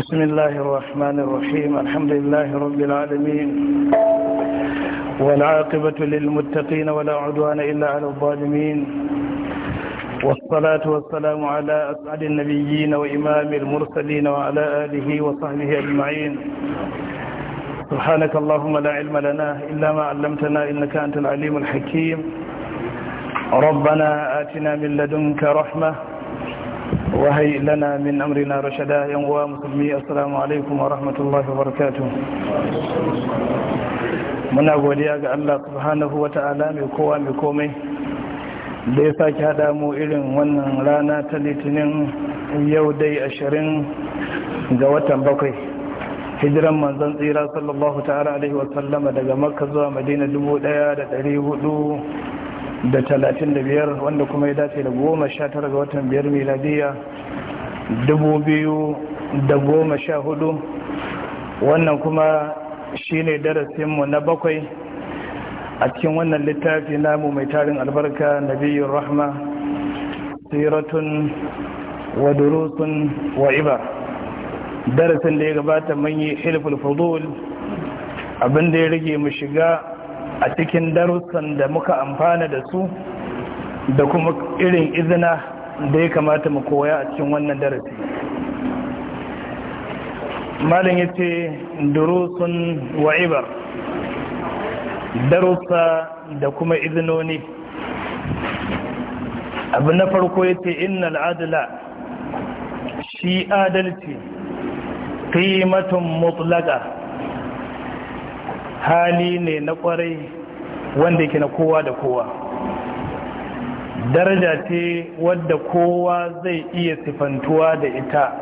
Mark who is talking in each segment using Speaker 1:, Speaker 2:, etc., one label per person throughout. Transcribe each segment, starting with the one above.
Speaker 1: بسم الله الرحمن الرحيم الحمد لله رب العالمين والعاقبة للمتقين ولا عدوان إلا على الظالمين والصلاة والسلام على أسعد النبيين وإمام المرسلين وعلى آله وصحبه أجمعين سبحانك اللهم لا علم لنا إلا ما علمتنا إنك أنت العليم الحكيم ربنا آتنا من لدنك رحمة وهي لنا من أمرنا رشدا 'yan مسلمي السلام عليكم ورحمة الله وبركاته muna godiya ga Allah subhanahu wa ta'ala mai kowa mai komai da ya sake hada mu irin wannan rana ta litinin yau dai ashirin ga watan bakwai hijiran manzon tsira sallallahu ta'ala alaihi wasallama daga makka zuwa madina dubu ɗaya da ɗari hudu da talatin da biyar wanda kuma ya dace da goma sha tara ga watan biyar miladiya dubu biyu da goma sha hudu wannan kuma shine darasinmu na bakwai a cikin wannan littafi namu mai tarin albarka na biyun rahma siratun wa durusun wa iba darasin da ya gabata mun yi hilful fudul abin ya rage mu shiga a cikin darussan da muka amfana da su da kuma irin izina da ya kamata mu koya a cikin wannan darasi malin ya ce durusun wa'ibar darussa da kuma izinoni abu na farko ya ce innal adala shi adalci qimatun mutlaka hali ne na kwarai wanda yake na kowa da kowa daraja ce wadda kowa zai iya sifantuwa da ita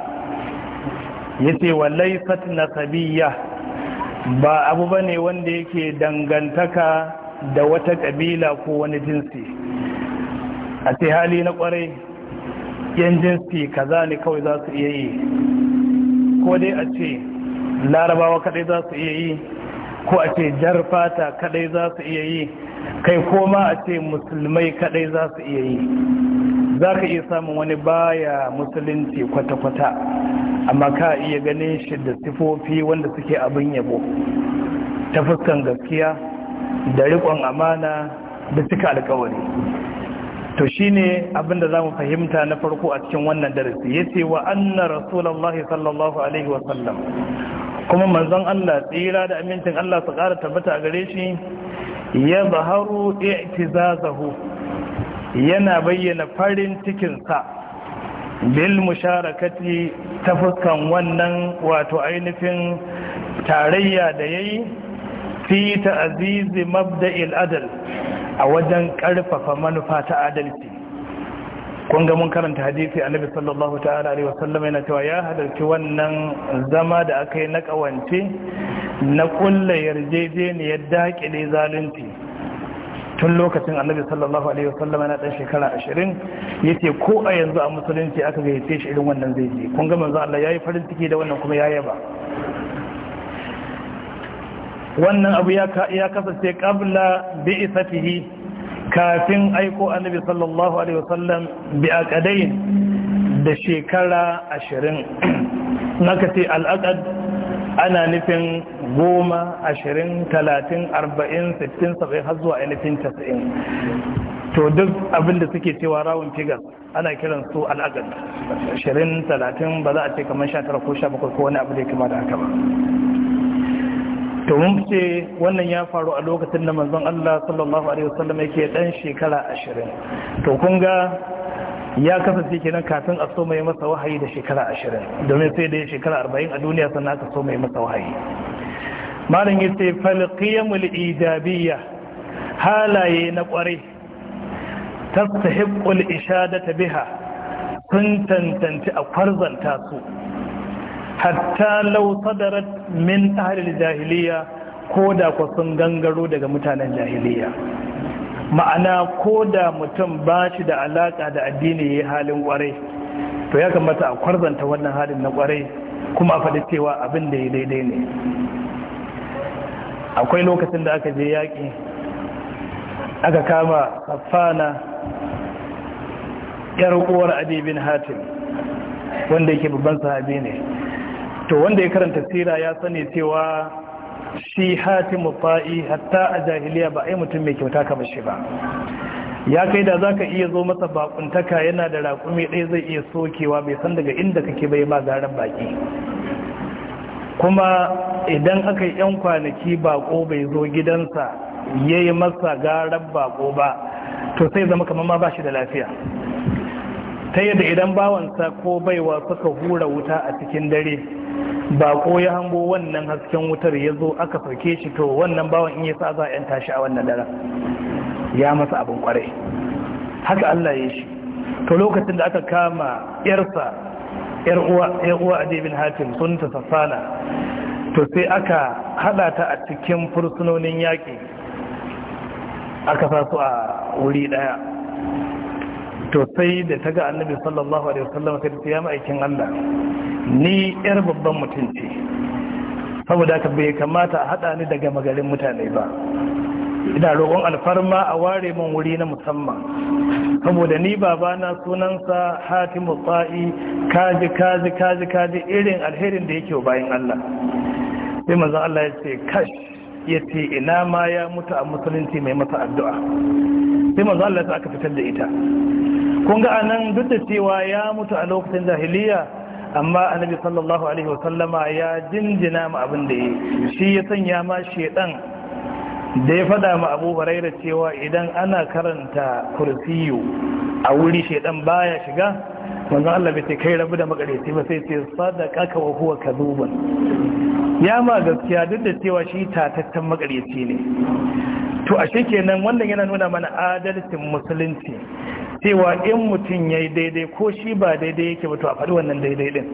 Speaker 1: ya ce wa sat nasabiyya ba abu ba ne wanda yake dangantaka da wata kabila ko wani jinsi a ce hali na kwarai yan jinsi kaza ne kawai za su iya yi ko dai a ce larabawa kadai za su iya yi ko a ce jar fata kadai za su iya yi kai koma a ce musulmai kadai za su iya yi za ka iya samun wani baya musulunci kwata-kwata amma ka iya ganin shi da sifofi wanda suke abin yabo ta fuskan gaskiya da rikon amana da cika alkawari to shine abinda za mu fahimta na farko a cikin wannan darasi ya ce wa anna rasulallah sallallahu alaihi wasallam kuma manzon Allah tsira da amincin Allah su ƙara tabbata a gare shi ya zaharu i'tizazahu yana bayyana farin cikin sa bil musharakati ta fuskan wannan wato ainihin tarayya da yayi fi ta'zizi mabda'il adl a wajen ƙarfafa manufa ta adalci kun ga mun karanta hadisi annabi sallallahu ta'ala alaihi wasallam yana cewa ya halarci wannan zama da aka yi na kawance na kulla yarjejeniyar dakile zalunci tun lokacin annabi sallallahu alaihi wasallam yana dan shekara 20 yace ko a yanzu a musulunci aka gayyace shi irin wannan zai je kun ga manzo Allah yayi farin ciki da wannan kuma ya yaba wannan abu ya kasance kabla bi'isatihi kafin aiko annabi sallallahu alaihi wasallam bi aqadain da shekara ashirin naka ce al'aqad ana nufin goma ashirin talatin arba'in sittin saba'in har zuwa to duk abinda suke cewa rawun figures ana kiran su al'aqad 20 talatin ba za a ce kamar sha tara ko sha bakwai ko wani abu da ya kama da haka ba to mun ce wannan ya faru a lokacin da manzon Allah sallallahu alaihi wasallam yake dan shekara 20 to kun ga ya kasance kenan kafin a so mai masa wahayi da shekara 20 domin sai da shekara 40 a duniya sannan aka so mai masa wahayi malam yace fal qiyamul idabiyya halaye na kware tastahiqul ishadata biha sun tantance a kwarzanta su hatta lau sadarat min ahalil jahiliya ko da ku sun gangaro daga mutanen jahiliya ma'ana ko da mutum ba shi da alaka da addini ya halin kwarai to ya kamata a kwarzanta wannan halin na kwarai kuma a faɗi cewa abin da ya daidai ne akwai lokacin da aka je yaƙi aka kama safana yar uwar adibin hatim wanda yake babban sahabi ne to wanda ya karanta sira ya sani cewa shi hati mufa'i hatta a jahiliya ba a yi mutum mai kyauta kamar shi ba ya kai da zaka iya zo masa bakuntaka yana da raƙumi ɗaya zai iya sokewa bai san daga inda kake bai ma garan baki kuma idan aka yi 'yan kwanaki bako bai zo gidansa ya yi masa garan bako ba to sai zama kamar ma ba shi da lafiya ta yadda idan bawansa ko baiwa suka hura wuta a cikin dare bako ya hango wannan hasken wutar ya zo aka sauke shi to wannan bawan in ya sa za a yanta shi a wannan daren ya masa abin kwarai haka Allah ya shi to lokacin da aka kama yarsa yar uwa a jebin hatim sun ta safana to sai aka hada ta a cikin fursunonin yaƙi aka sa su a wuri daya to sai da ta ga annabi sallallahu alaihi wasallam sai ta yi ma'aikin Allah ni yar babban mutum ce saboda ka bai kamata a haɗa ni daga magarin mutane ba ina roƙon alfarma a ware min wuri na musamman saboda ni babana sunansa hatimu tsa'i kaji kaji kaji kaji irin alherin da yake bayan Allah sai manzo Allah ya ce kash ya ce ina ma ya mutu a musulunci mai masa addu'a sai maza Allah ya aka fitar da ita kun ga anan duk da cewa ya mutu a lokacin jahiliya amma annabi sallallahu alaihi wasallama ya jinjina mu abin da yi shi ya sanya ma shedan da ya fada mu abu huraira cewa idan ana karanta kursiyu a wuri shedan baya shiga manzon Allah bai ce kai rabu da makareci ba sai ce sadaka ka wa huwa kadhuban ya ma gaskiya duk da cewa shi tatattan makareci ne to ashe kenan wannan yana nuna mana adalcin musulunci cewa in mutum ya yi daidai ko shi ba daidai yake ba to a faɗi wannan daidai din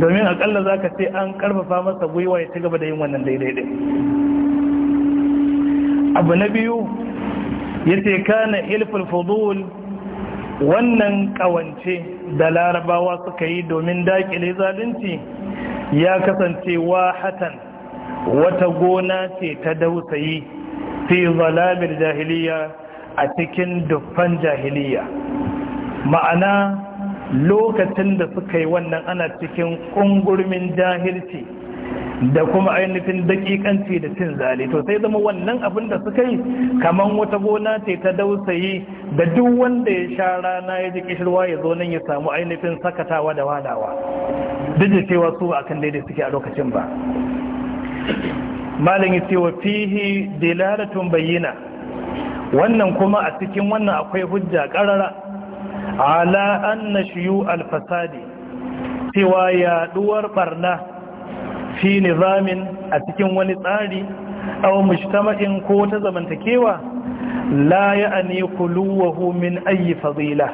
Speaker 1: domin akalla za ka ce an ƙarfafa masa gwiwa ya ci gaba da yin wannan daidai din abu na biyu ya ce kana ilful fudul wannan ƙawance da larabawa suka yi domin daƙile zalunci ya kasance hatan wata gona ce ta dausayi fi zalabil jahiliya a cikin dufan jahiliya ma'ana lokacin da suka yi wannan ana cikin ƙungurmin jahilci da kuma ainihin daƙiƙanci da cin zali to sai zama wannan abin da suka yi kamar wata gona ce ta dausayi da duk wanda ya sha rana ya ji kishirwa ya zo nan ya samu ainihin sakatawa da wadawa duk da cewa su ba kan daidai suke a lokacin ba malam ya ce wa fihi dilalatun bayyana wannan kuma a cikin wannan akwai hujja karara ala anna shiyu alfasadi cewa yaduwar barna fi nizamin a cikin wani tsari aw mujtama'in ko ta zamantakewa la ya'ni kuluwahu min ayi fadila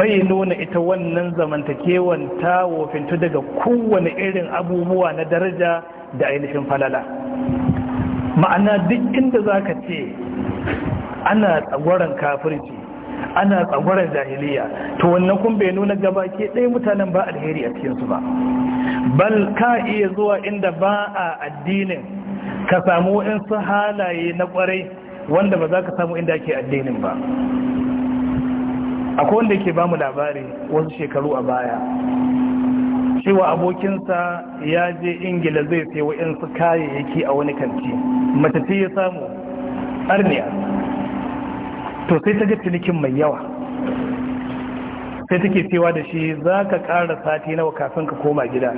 Speaker 1: bai nuna ita wannan zamantakewan ta wofintu daga kowane irin abubuwa na daraja da ainihin falala ma'ana duk inda zaka ce ana tsagwaron kafirci ana tsagwaron jahiliya to wannan kun bai nuna gaba ke ɗaya mutanen ba alheri a cikinsu ba bal ka iya zuwa inda ba a addinin ka samu su halaye na kwarai wanda ba za ka samu inda ake addinin ba akwai wanda ke bamu labari wasu shekaru a baya cewa abokinsa ya je ingila zai sai waɗansu kayayyaki a wani kanti matafi ya samu arniya to sai ta ga cinikin mai yawa sai take cewa da shi za ka ƙara sati nawa kafin ka koma gida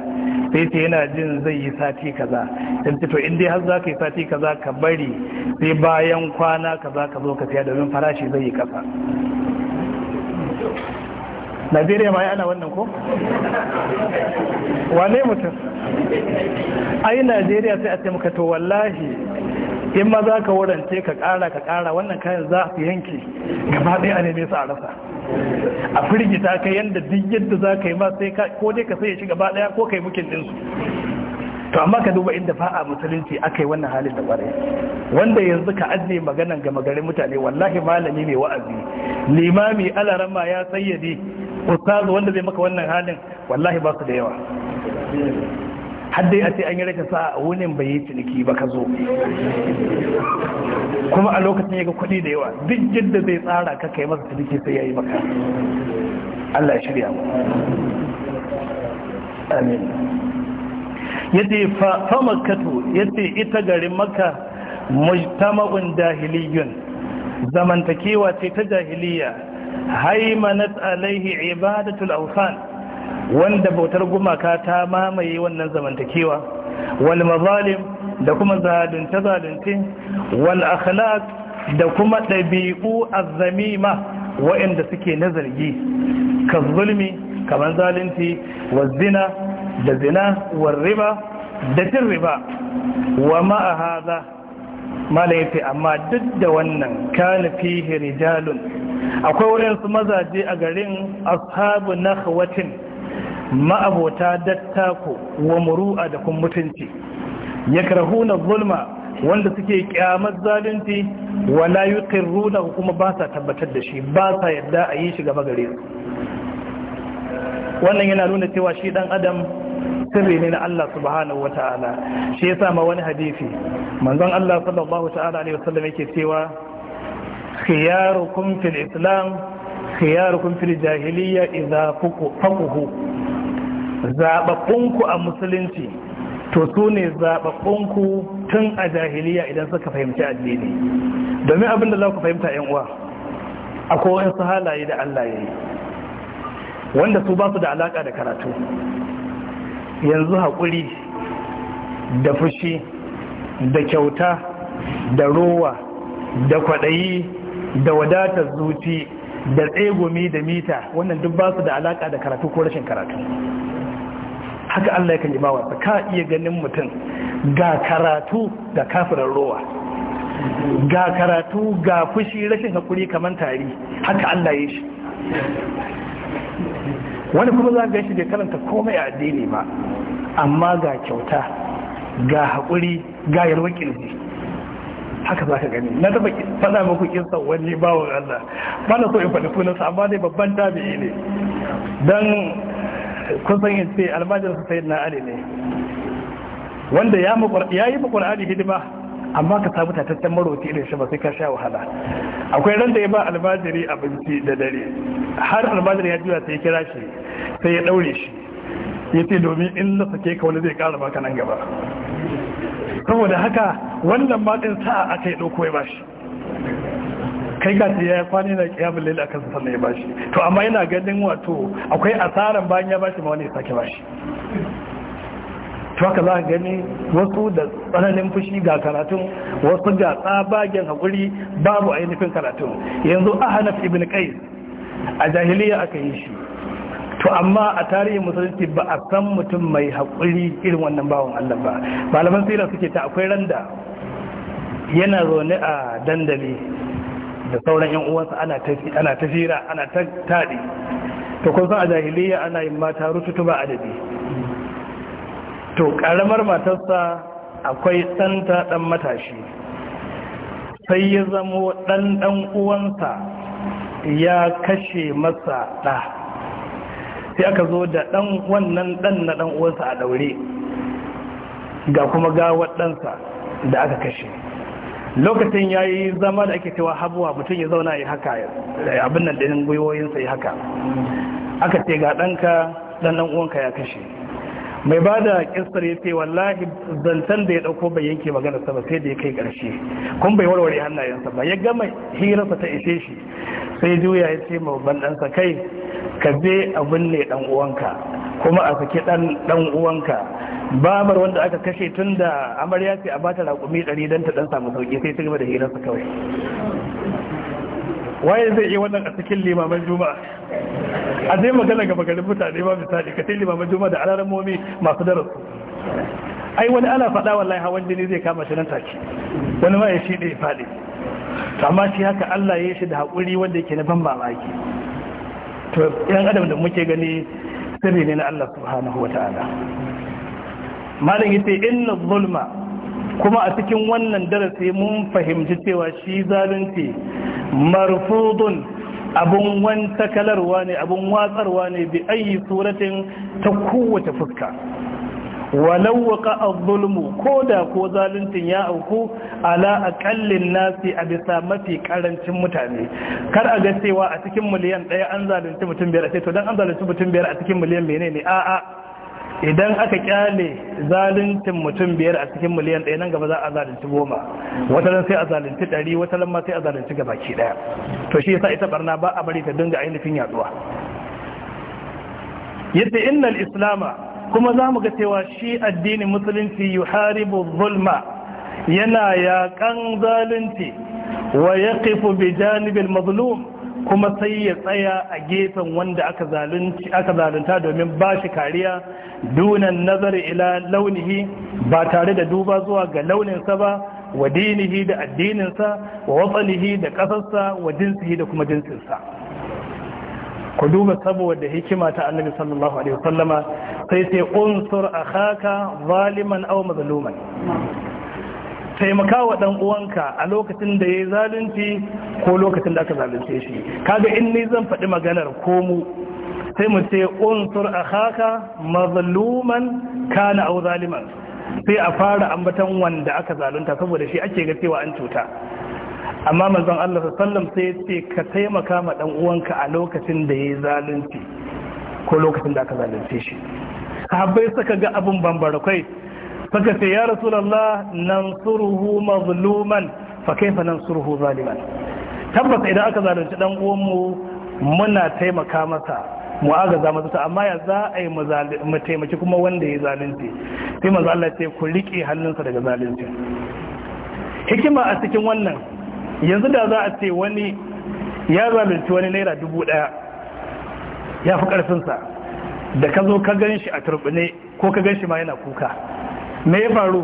Speaker 1: sai ce yana jin zai yi sati kaza in ce to inda har za ka yi sati kaza ka bari sai bayan kwana kaza ka zo ka siya domin farashi zai yi kasa najeriya ma ana wannan ko
Speaker 2: wane mutum
Speaker 1: ai najeriya sai a ce muka to wallahi in ma za ka warance ka kara ka kara wannan kayan za su yanke gaba ɗaya a neme su a rasa a firgita ka yadda duk yadda za ka yi ma sai ka ko dai ka sai ya ci gaba ɗaya ko ka yi bukin ɗinsu to amma ka duba inda fa'a musulunci aka yi wannan halin da ƙwarai wanda yanzu ka ajiye maganan gama garin mutane wallahi malami mai wa'azi limami alarama ya sayyade ustazu wanda zai maka wannan halin wallahi ba su da yawa har dai a ce an yi rage sa a wunin bai yi ciniki ba ka zo kuma a lokacin ya ga kuɗi da yawa duk yadda zai tsara ka kai masa ciniki sai ya yi maka Allah ya shirya mu amin yace fa makkatu ita garin maka mujtama'un dahiliyun zamantakewa ce ta jahiliya haimanat alaihi ibadatul awsan wanda bautar gumaka ta mamaye wannan zamantakewa wal mazalim da kuma zalunce zalunce wal akhlaq da kuma dabi'u azzamima wa'anda suke na zargi ka zulmi kamar zalunci wa zina da zina wa riba da cin riba wa ma'a haza malayafi amma duk da wannan kana rijalun akwai waɗansu mazaje a garin ashabu nahwatin ma'abota dattako wa muru'a da kun mutunci yakrahuna zulma wanda suke kyamar zalunci wala yuqirruna kuma ba sa tabbatar da shi ba sa yadda a yi shi gaba gare su wannan yana nuna cewa shi dan adam sirri ne na Allah subhanahu wata'ala shi yasa ma wani hadisi manzon Allah sallallahu ta'ala alaihi wasallam yake cewa khiyarukum fil islam khiyarukum fil jahiliya idza faquhu zababbunku a musulunci to su ne zababbunku tun a jahiliya idan suka fahimci addini domin abinda za ku fahimta yan uwa akwai wasu halaye da Allah ya yi wanda su ba su da alaka da karatu yanzu haƙuri da fushi da kyauta da rowa da kwaɗayi da wadatar zuci da tsegomi da mita wannan duk ba su da alaka da karatu ko rashin karatu haka Allah ya kan yi bawa ka iya ganin mutum ga karatu da kafirar rowa ga karatu ga fushi rashin hakuri kamar tari haka Allah ya shi wani kuma za ga shi bai karanta komai a addini ba amma ga kyauta ga hakuri ga yalwar kirji haka za ka gani na taba fada muku san wani bawon Allah ba na so in faɗi sunansa amma dai babban tabi'i ne don kusan in ce almajinsa sai na ali ne wanda ya yi ba hidima amma ka samu tattattun maroti irin shi ba sai ka sha wahala akwai ran da ya ba almajiri abinci da dare har almajiri ya juya sai kira shi sai ya ɗaure shi ya ce domin in na sake ka wani zai ƙara baka nan gaba saboda haka wannan matsin sa'a aka yi ɗauko ya bashi kai ka ya kwane na kiyamun laila akan sa sannan ya bashi to amma yana ganin wato akwai asaran bayan ya bashi ma wani ya sake bashi to haka za a gani wasu da tsananin fushi ga karatun wasu ga tsabagen haƙuri babu ainihin karatun yanzu a ahanaf ibn kais a jahiliya aka yi shi to amma a tarihin musulunci ba a san mutum mai haƙuri irin wannan bawan Allah ba malaman tsira suke ta akwai randa yana zaune a dandali da sauran yan uwansa ana ta fira ana ta taɗi to kun san a jahiliya ana yin mata rututu ba adadi to ƙaramar matarsa akwai ɗanta ɗan matashi sai ya zamo ɗan ɗan uwansa ya kashe masa ɗa sai aka zo da dan wannan dan na dan uwansa a daure ga kuma gawar ɗansa da aka kashe lokacin ya yi zama da ake cewa habuwa mutum ya zauna ya haka abin nan ɗinin gwiwoyinsa ya haka aka ce ga ɗanka ɗan ɗan uwanka ya kashe mai bada da ya ce wallahi zancen da ya ɗauko bai yanke magana sa ba sai da ya kai ƙarshe kun bai warware hannayensa ba ya gama hirarsa ta ishe shi sai juya ya ce ma babban ɗansa kai ka je a binne ɗan uwanka kuma a saki ɗan uwanka babar wanda aka kashe tun da amarya ce a bata raƙumi ɗari don ta ɗan samu sauƙi sai ta gaba da hirarsa kawai waye zai yi wannan a cikin limaman juma'a a zai magana ga magarin mutane ba misali ka sai limaman juma'a da momi masu darasu ai wani ana faɗa wallahi hawan jini zai kama shi nan take wani ma ya shi ɗaya faɗi to amma shi haka Allah ya shi da haƙuri wanda yake na ban mamaki to yan adam da muke gani sirri ne na Allah subhanahu wata'ala malam yace inna zulma kuma a cikin wannan darasi mun fahimci cewa shi zalunci marfudun abun kalarwa ne abun watsarwa ne bi ayi suratin ta kowace fuska walau waka zulmu ko da ko zaluntun ya auku ala akallin nasi a bisa mafi karancin mutane kar a ga cewa a cikin miliyan ɗaya an zalunci mutum biyar a ce to don an zalunci mutum biyar a cikin miliyan menene a idan aka kyale zaluncin mutum biyar a cikin miliyan ɗaya nan gaba za a zalunci goma wataran sai a zalunci ɗari wataran ma sai a zalunci gabaki ɗaya to shi yasa ita barna ba a bari ta dinga ainihin yaduwa yadda innal islama kuma za mu ga cewa shi addinin musulunci yuharibu zulma yana kan zalunci wa kifu bi janibin mazlum kuma sai ya tsaya a gefen wanda aka zalunta domin ba shi kariya dunan nazari ila launihi ba tare da duba zuwa ga launinsa ba wa dinihi da addininsa wa watsalihi da ƙasarsa wa jinsihi da kuma jinsinsa ku duba saboda hikima ta annabi sallallahu alaihi wasallama sai sai unsur haka zaliman au mazaluman, taimaka wa dan uwanka a lokacin da ya yi zalunci ko lokacin da aka zalunce shi kaga in ni zan faɗi maganar ko mu sai mu ce unsur mazaluman ka kana au zaliman sai a fara ambatan wanda aka zalunta saboda shi ake ga cewa an cuta amma manzon Allah sallam sai ya ce ka taimaka ma dan uwanka a lokacin da ya yi zalunci ko lokacin da aka zalunce shi sahabbai suka ga abin bambara kai suka ce ya rasulullah suruhu mazluman fa kaifa suruhu zaliman tabbas idan aka zalunci dan uwan mu muna taimaka masa mu agaza masa amma ya za a yi mu taimaki kuma wanda ya zalunci sai manzo Allah sai ku rike hannunsa daga zalunci hikima a cikin wannan yanzu da za a ce wani ya zalunci wani naira dubu daya ya fi karfinsa da ka zo ka gan shi a turbine ko ka gan shi ma yana kuka me ya faru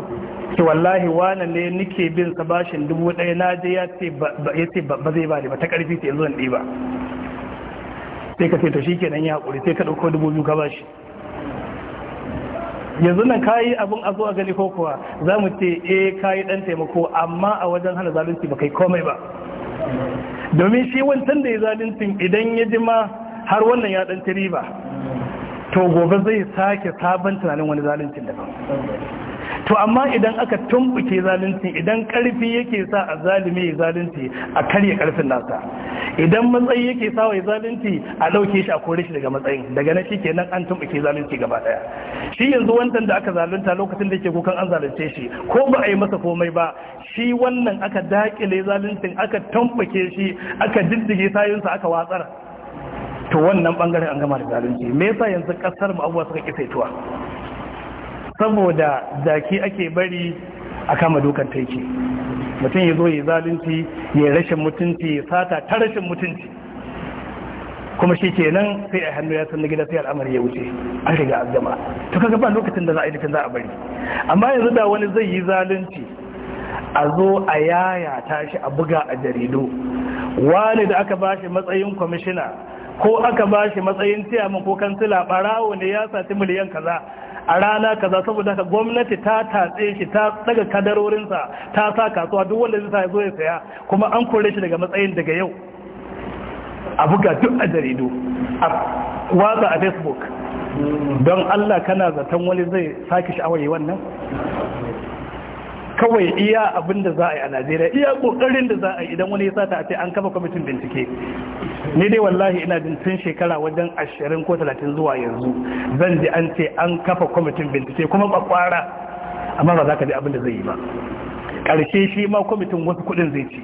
Speaker 1: ki wallahi wani ne nike bin sa bashin dubu ɗaya na je ya ce ba zai ba bani ba ta ƙarfi ta yanzu an ba. sai ka ce to shikenan kenan ya haƙuri sai ka dauko dubu biyu ka bashi yanzu nan kayi abin a gani ko kuwa za ce eh kayi dan taimako amma a wajen hana zalunci ba kai komai ba domin shi wancan da ya zalunci idan ya jima har wannan ya dan riba to gobe zai sake sabon tunanin wani zalunci daban to amma idan aka tumbuke zalunci idan karfi yake sa a zalimi ya zalunci a karya karfin nasa idan matsayi yake sa wa zalunci a dauke shi a kore shi daga matsayin daga na shi kenan an tumbuke zalunci gaba daya shi yanzu wannan da aka zalunta lokacin da yake kukan an zalunce shi ko ba a yi masa komai ba shi wannan aka dakile zaluncin aka tumbuke shi aka jiddige sayunsa aka watsar to wannan bangaren an gama da zalunci me yasa yanzu kasar mu abuwa suka kisaituwa saboda zaki ake bari a kama dukan taiki mutum ya zo ya zalunci ya rashin mutunci ya sata ta rashin mutunci kuma shi kenan sai a hannu ya san na gida sai al'amari ya wuce an riga an gama to kaga ba lokacin da za a yi za a bari amma yanzu da wani zai yi zalunci a zo a yaya tashi a buga a jaridu wani da aka bashi matsayin kwamishina ko aka ba shi matsayin ciyaman ko kansila barawo ne ya saci miliyan kaza a rana kaza saboda haka gwamnati ta tatse shi ta daga kadarorinsa ta sa kasuwa duk wanda zai zo ya saya kuma an kore shi daga matsayin daga yau a buga duk a jaridu a watsa a facebook don allah kana zaton wani zai sake sha'awar yi wannan kawai iya abin da za a yi a najeriya iya kokarin da za a yi idan wani ya sata a ce an kafa kwamitin bincike ne dai wallahi ina jin tun shekara wajen ashirin ko talatin zuwa yanzu zan ji an ce an kafa kwamitin bincike kuma ba kwara amma ba za ka ji abin da zai yi ba karshe shi ma kwamitin wasu kuɗin zai ci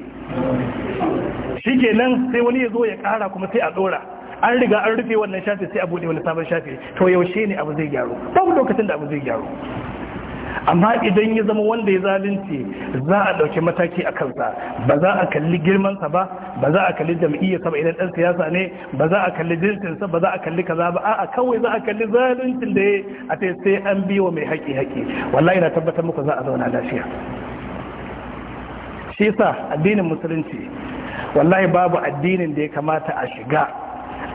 Speaker 1: shi kenan sai wani ya zo ya kara kuma sai a ɗora an riga an rufe wannan shafi sai a buɗe wani sabon shafi to yaushe ne abu zai gyaru babu lokacin da abu zai gyaru amma idan ya zama wanda ya zalunci za a ɗauki mataki a kansa ba za a kalli girmansa ba ba za a kalli jam'iyyarsa ba idan ɗan siyasa ne ba za a kalli jinsinsa ba za a kalli kaza ba a'a kawai za a kalli zaluncin da ya a ta sai an biyo mai haƙi haƙi wallahi na tabbatar muku za a zauna lafiya shi yasa addinin musulunci wallahi babu addinin da ya kamata a shiga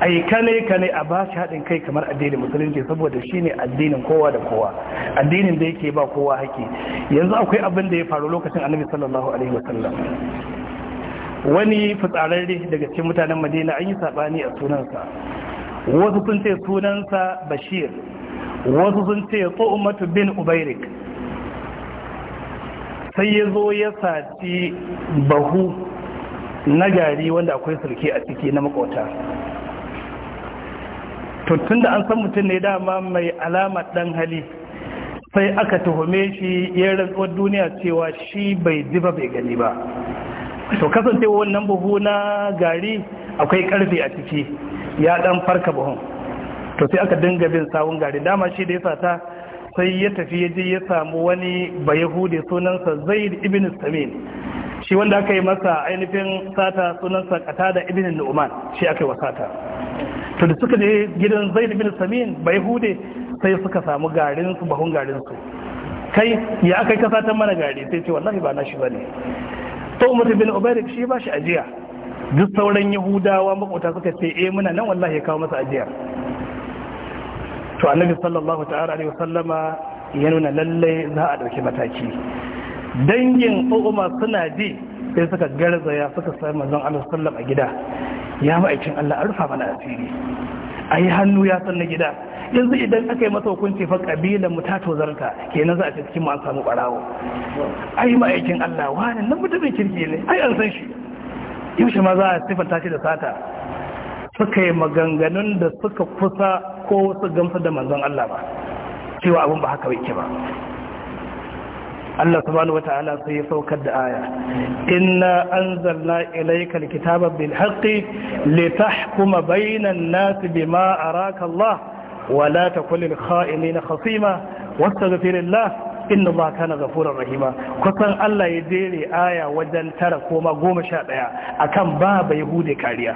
Speaker 1: ai kane kane a ba shi haɗin kai kamar addinin musulunci saboda shine addinin kowa da kowa addinin da yake ba kowa haƙƙi. yanzu akwai abin da ya faru lokacin annabi sallallahu alaihi wasallam wani fitsararre daga cikin mutanen madina an yi saɓani a sunansa wasu sun ce sunansa bashir wasu sun ce tsohon bin ubairik sai ya zo ya saci bahu na gari wanda akwai sulke a ciki na makwata to da an san mutum ne dama mai alamar dan hali sai aka tuhume shi ya rantsuwar duniya cewa shi bai ji ba bai gani ba to kasance wannan buhu na gari akwai karfe a ciki ya dan farka buhun to sai aka dinga bin sawun gari dama shi da ya sata sai ya tafi ya je ya samu wani bayahude sunansa zaid ibn samin shi wanda aka yi masa ainihin sata sunansa da ibn nu'man shi aka yi wa to da suka je gidan zaid bin samin bai hude sai suka samu garin su bahun garin su kai ya aka yi kasa ta mana gari sai ce wallahi ba na shi ba ne to umar bin ubayrik shi ba shi ajiya duk sauran yahudawa makwata suka ce eh muna nan wallahi ya kawo masa ajiya to annabi sallallahu ta'ala alaihi wasallama ya nuna lalle za a dauki mataki dangin umar suna ji sai suka garzaya suka sai manzon Allah sallallahu a gida ya ma'aikin Allah an rufa mana asiri a yi hannu ya san na gida yanzu idan aka yi masa hukunci fa kabilan mu ta tozarta kenan za a ce cikin mu an samu barawo yi ma'aikin Allah wani nan mutumin kirki ne ai an san shi yaushe ma za a sifanta shi da sata suka yi maganganun da suka kusa ko wasu gamsa da manzon Allah ba cewa abun ba haka yake ba Allah subhanahu wataala sai ya saukar da aya inna anzalna ilayka alkitaba bil haqqi litahkuma bainan nas bima araka Allah wa la takun lil kha'inina khasima wastaghfirillah inna ba kana rahima kusan Allah ya jere aya wajen tara koma goma sha ɗaya akan ba bai kariya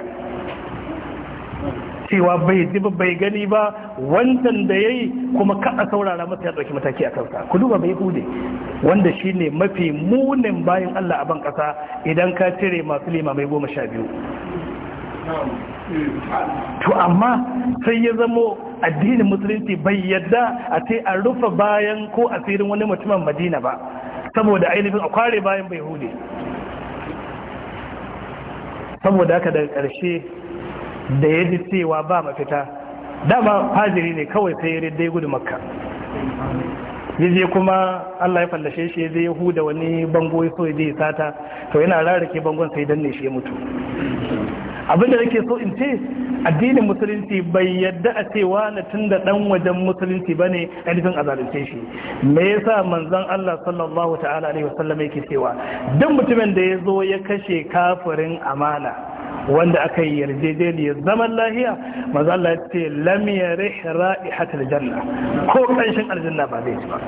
Speaker 1: cewa bai ji bai gani ba wancan da yayi kuma ka a saurara masa ya dauki mataki a kansa ku duba bai hude wanda shine mafi munin bayan Allah a ban kasa idan ka cire masu limamai goma sha biyu to amma sai ya zamo addinin musulunci bai yadda a ce a rufe bayan ko asirin wani mutumin madina ba saboda ainihin a kware bayan bai hude saboda haka daga ƙarshe da ya ji cewa ba mafita dama hajiri ne kawai sai ya dai gudu makka yaje kuma Allah ya fallashe shi zai huda wani bango ya so ya sata to yana rarrake bangon sai danne shi ya mutu abinda nake so in ce addinin musulunci bai yadda a cewa na tun da dan wajen musulunci bane a azalunce shi me yasa manzon Allah sallallahu ta'ala alaihi wasallam yake cewa duk mutumin da ya zo ya kashe kafirin amana wanda aka yi yarjejeniyar zaman lahiya maza Allah ya ce lamiyar yarih ra'ihatul janna ko ƙanshin aljanna ba zai ci ba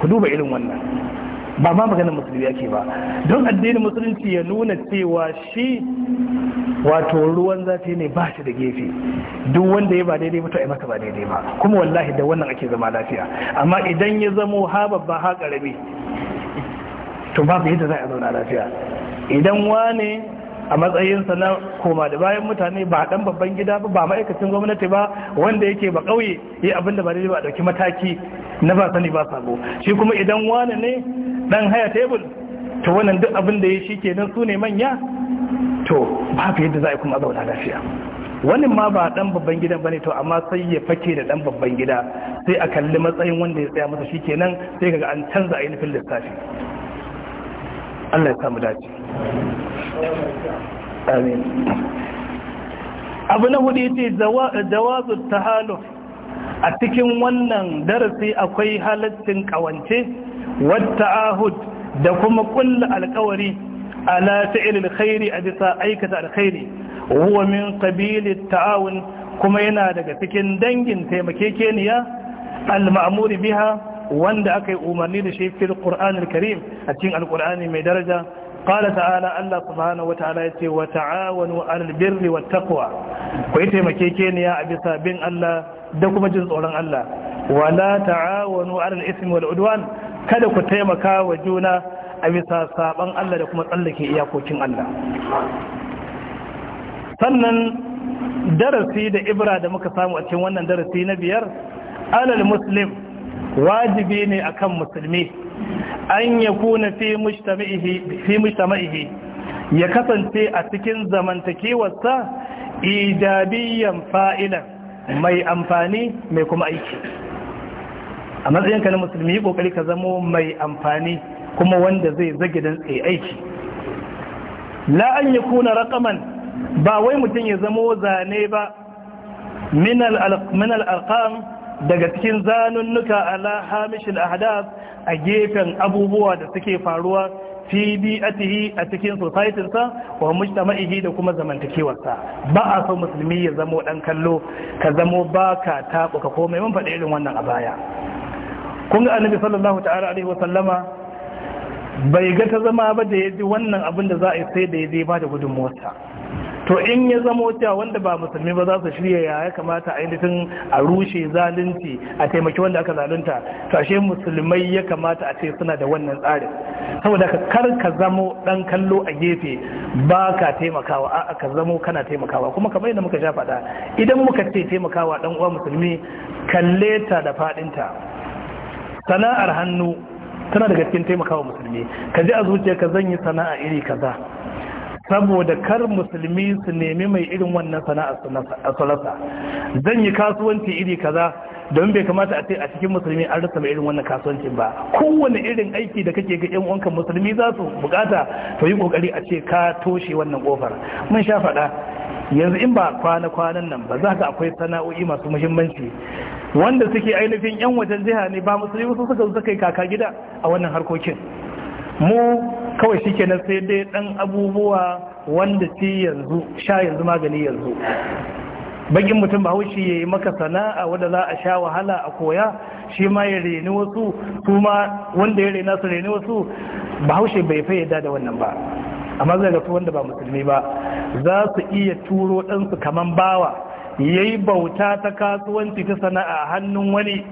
Speaker 1: ku duba irin wannan ba ma maganin musulmi yake ba don addinin musulunci ya nuna cewa shi wato ruwan zafi ne ba shi da gefe duk wanda ya ba daidai ba to ai maka ba daidai ba kuma wallahi da wannan ake zama lafiya amma idan ya zamo ha babba ha karami to babu yadda za a zauna lafiya idan wane a matsayinsa na koma da bayan mutane ba dan babban gida ba ba ma'aikacin gwamnati ba wanda yake ba kauye yi abin da ba daidai ba dauki mataki na ba sani ba sabo shi kuma idan wane ne dan haya tebul to wannan duk abin da ya shi nan su ne manya to ba babu yadda za a yi kuma zauna lafiya Wannan ma ba dan babban gidan bane to amma sai ya fake da dan babban gida sai a kalli matsayin wanda ya tsaya masa shi nan sai kaga an canza ainihin lissafi Allah ya samu dace amin abu na hudu ce jawazu tahaluf a cikin wannan darasi akwai halittin kawance wata ahud da kuma kulla alkawari ala fi'il alkhairi a bisa aikata alkhairi huwa min qabil ta'awun kuma yana daga cikin dangin taimakekeniya al-ma'mur biha wanda aka yi umarni da shi fil qur'an al-karim a cikin alqur'ani mai daraja qala ta'ala Allah subhanahu wataala yace wa ta'awanu 'alal birri wat taqwa ku yi taimakekeniya a bisa bin Allah da kuma jin tsoron Allah wala ta'awanu 'alal ismi wal udwan kada ku taimaka wa juna a bisa saban Allah da kuma tsallake iyakokin Allah sannan darasi da ibra da muka samu a cikin wannan darasi na biyar alal muslim wajibi ne akan musulmi an ya kuna fi mujtama'ihi ya kasance a cikin zamantakewarsa ijabiyyan fa'ilan mai amfani mai kuma aiki a matsayinka na musulmi yi kokari ka zamo mai amfani kuma wanda zai zage don tsaye aiki la ya kuna raƙaman ba wai mutum ya zamo zane ba min al daga cikin zanun zanunnuka ala hamishin ahdath a gefen abubuwa da suke faruwa fi bi'atihi a cikin societin sa wa mujtama'ihi da kuma zamantakewarsa ba a so musulmi ya zamo dan kallo ka zamo baka ka komai mun faɗi irin wannan a baya kun ga annabi sallallahu ta'ala alaihi wa sallama bai ga ta zama ba da ya ji wannan abin da za a yi sai da ya je ba da gudunmuwarsa to in ya zama cewa wanda ba musulmi ba za su shirya ya ya kamata yi a rushe zalunci a taimaki wanda aka zalunta to ashe musulmai ya kamata a ce suna da wannan tsarin saboda ka kar ka zamo dan kallo a gefe ba ka taimakawa a'a ka zamo kana taimakawa kuma kamar yadda muka sha faɗa idan muka ce taimakawa dan uwa musulmi kalle ta da faɗinta sana'ar hannu tana daga cikin taimakawa musulmi ka ji a zuciya ka zan yi sana'a iri kaza saboda kar musulmi su nemi mai irin wannan sana'a su rasa zan yi kasuwanci iri kaza don bai kamata a ce a cikin musulmi an rasa mai irin wannan kasuwancin ba kowane irin aiki da kake ga yan uwanka musulmi za su bukata to yi kokari a ce ka toshe wannan kofar mun sha faɗa yanzu in ba kwana-kwanan nan ba za ka akwai sana'o'i masu muhimmanci wanda suke ainihin yan wajen jiha ne ba musulmi su suka suka kai kaka gida a wannan harkokin mu kawai shi kenan sai dai ɗan abubuwa wanda shi yanzu sha yanzu magani yanzu bakin mutum ba haushi ya yi maka sana'a wadda za a sha wahala a koya shi ma ya reni wasu su wanda ya rena su reni wasu ba haushi bai fayyada da wannan ba amma zai ga wanda ba musulmi ba za su iya turo ɗansu kamar bawa ya yi bauta ta kasuwanci ta sana'a a hannun wani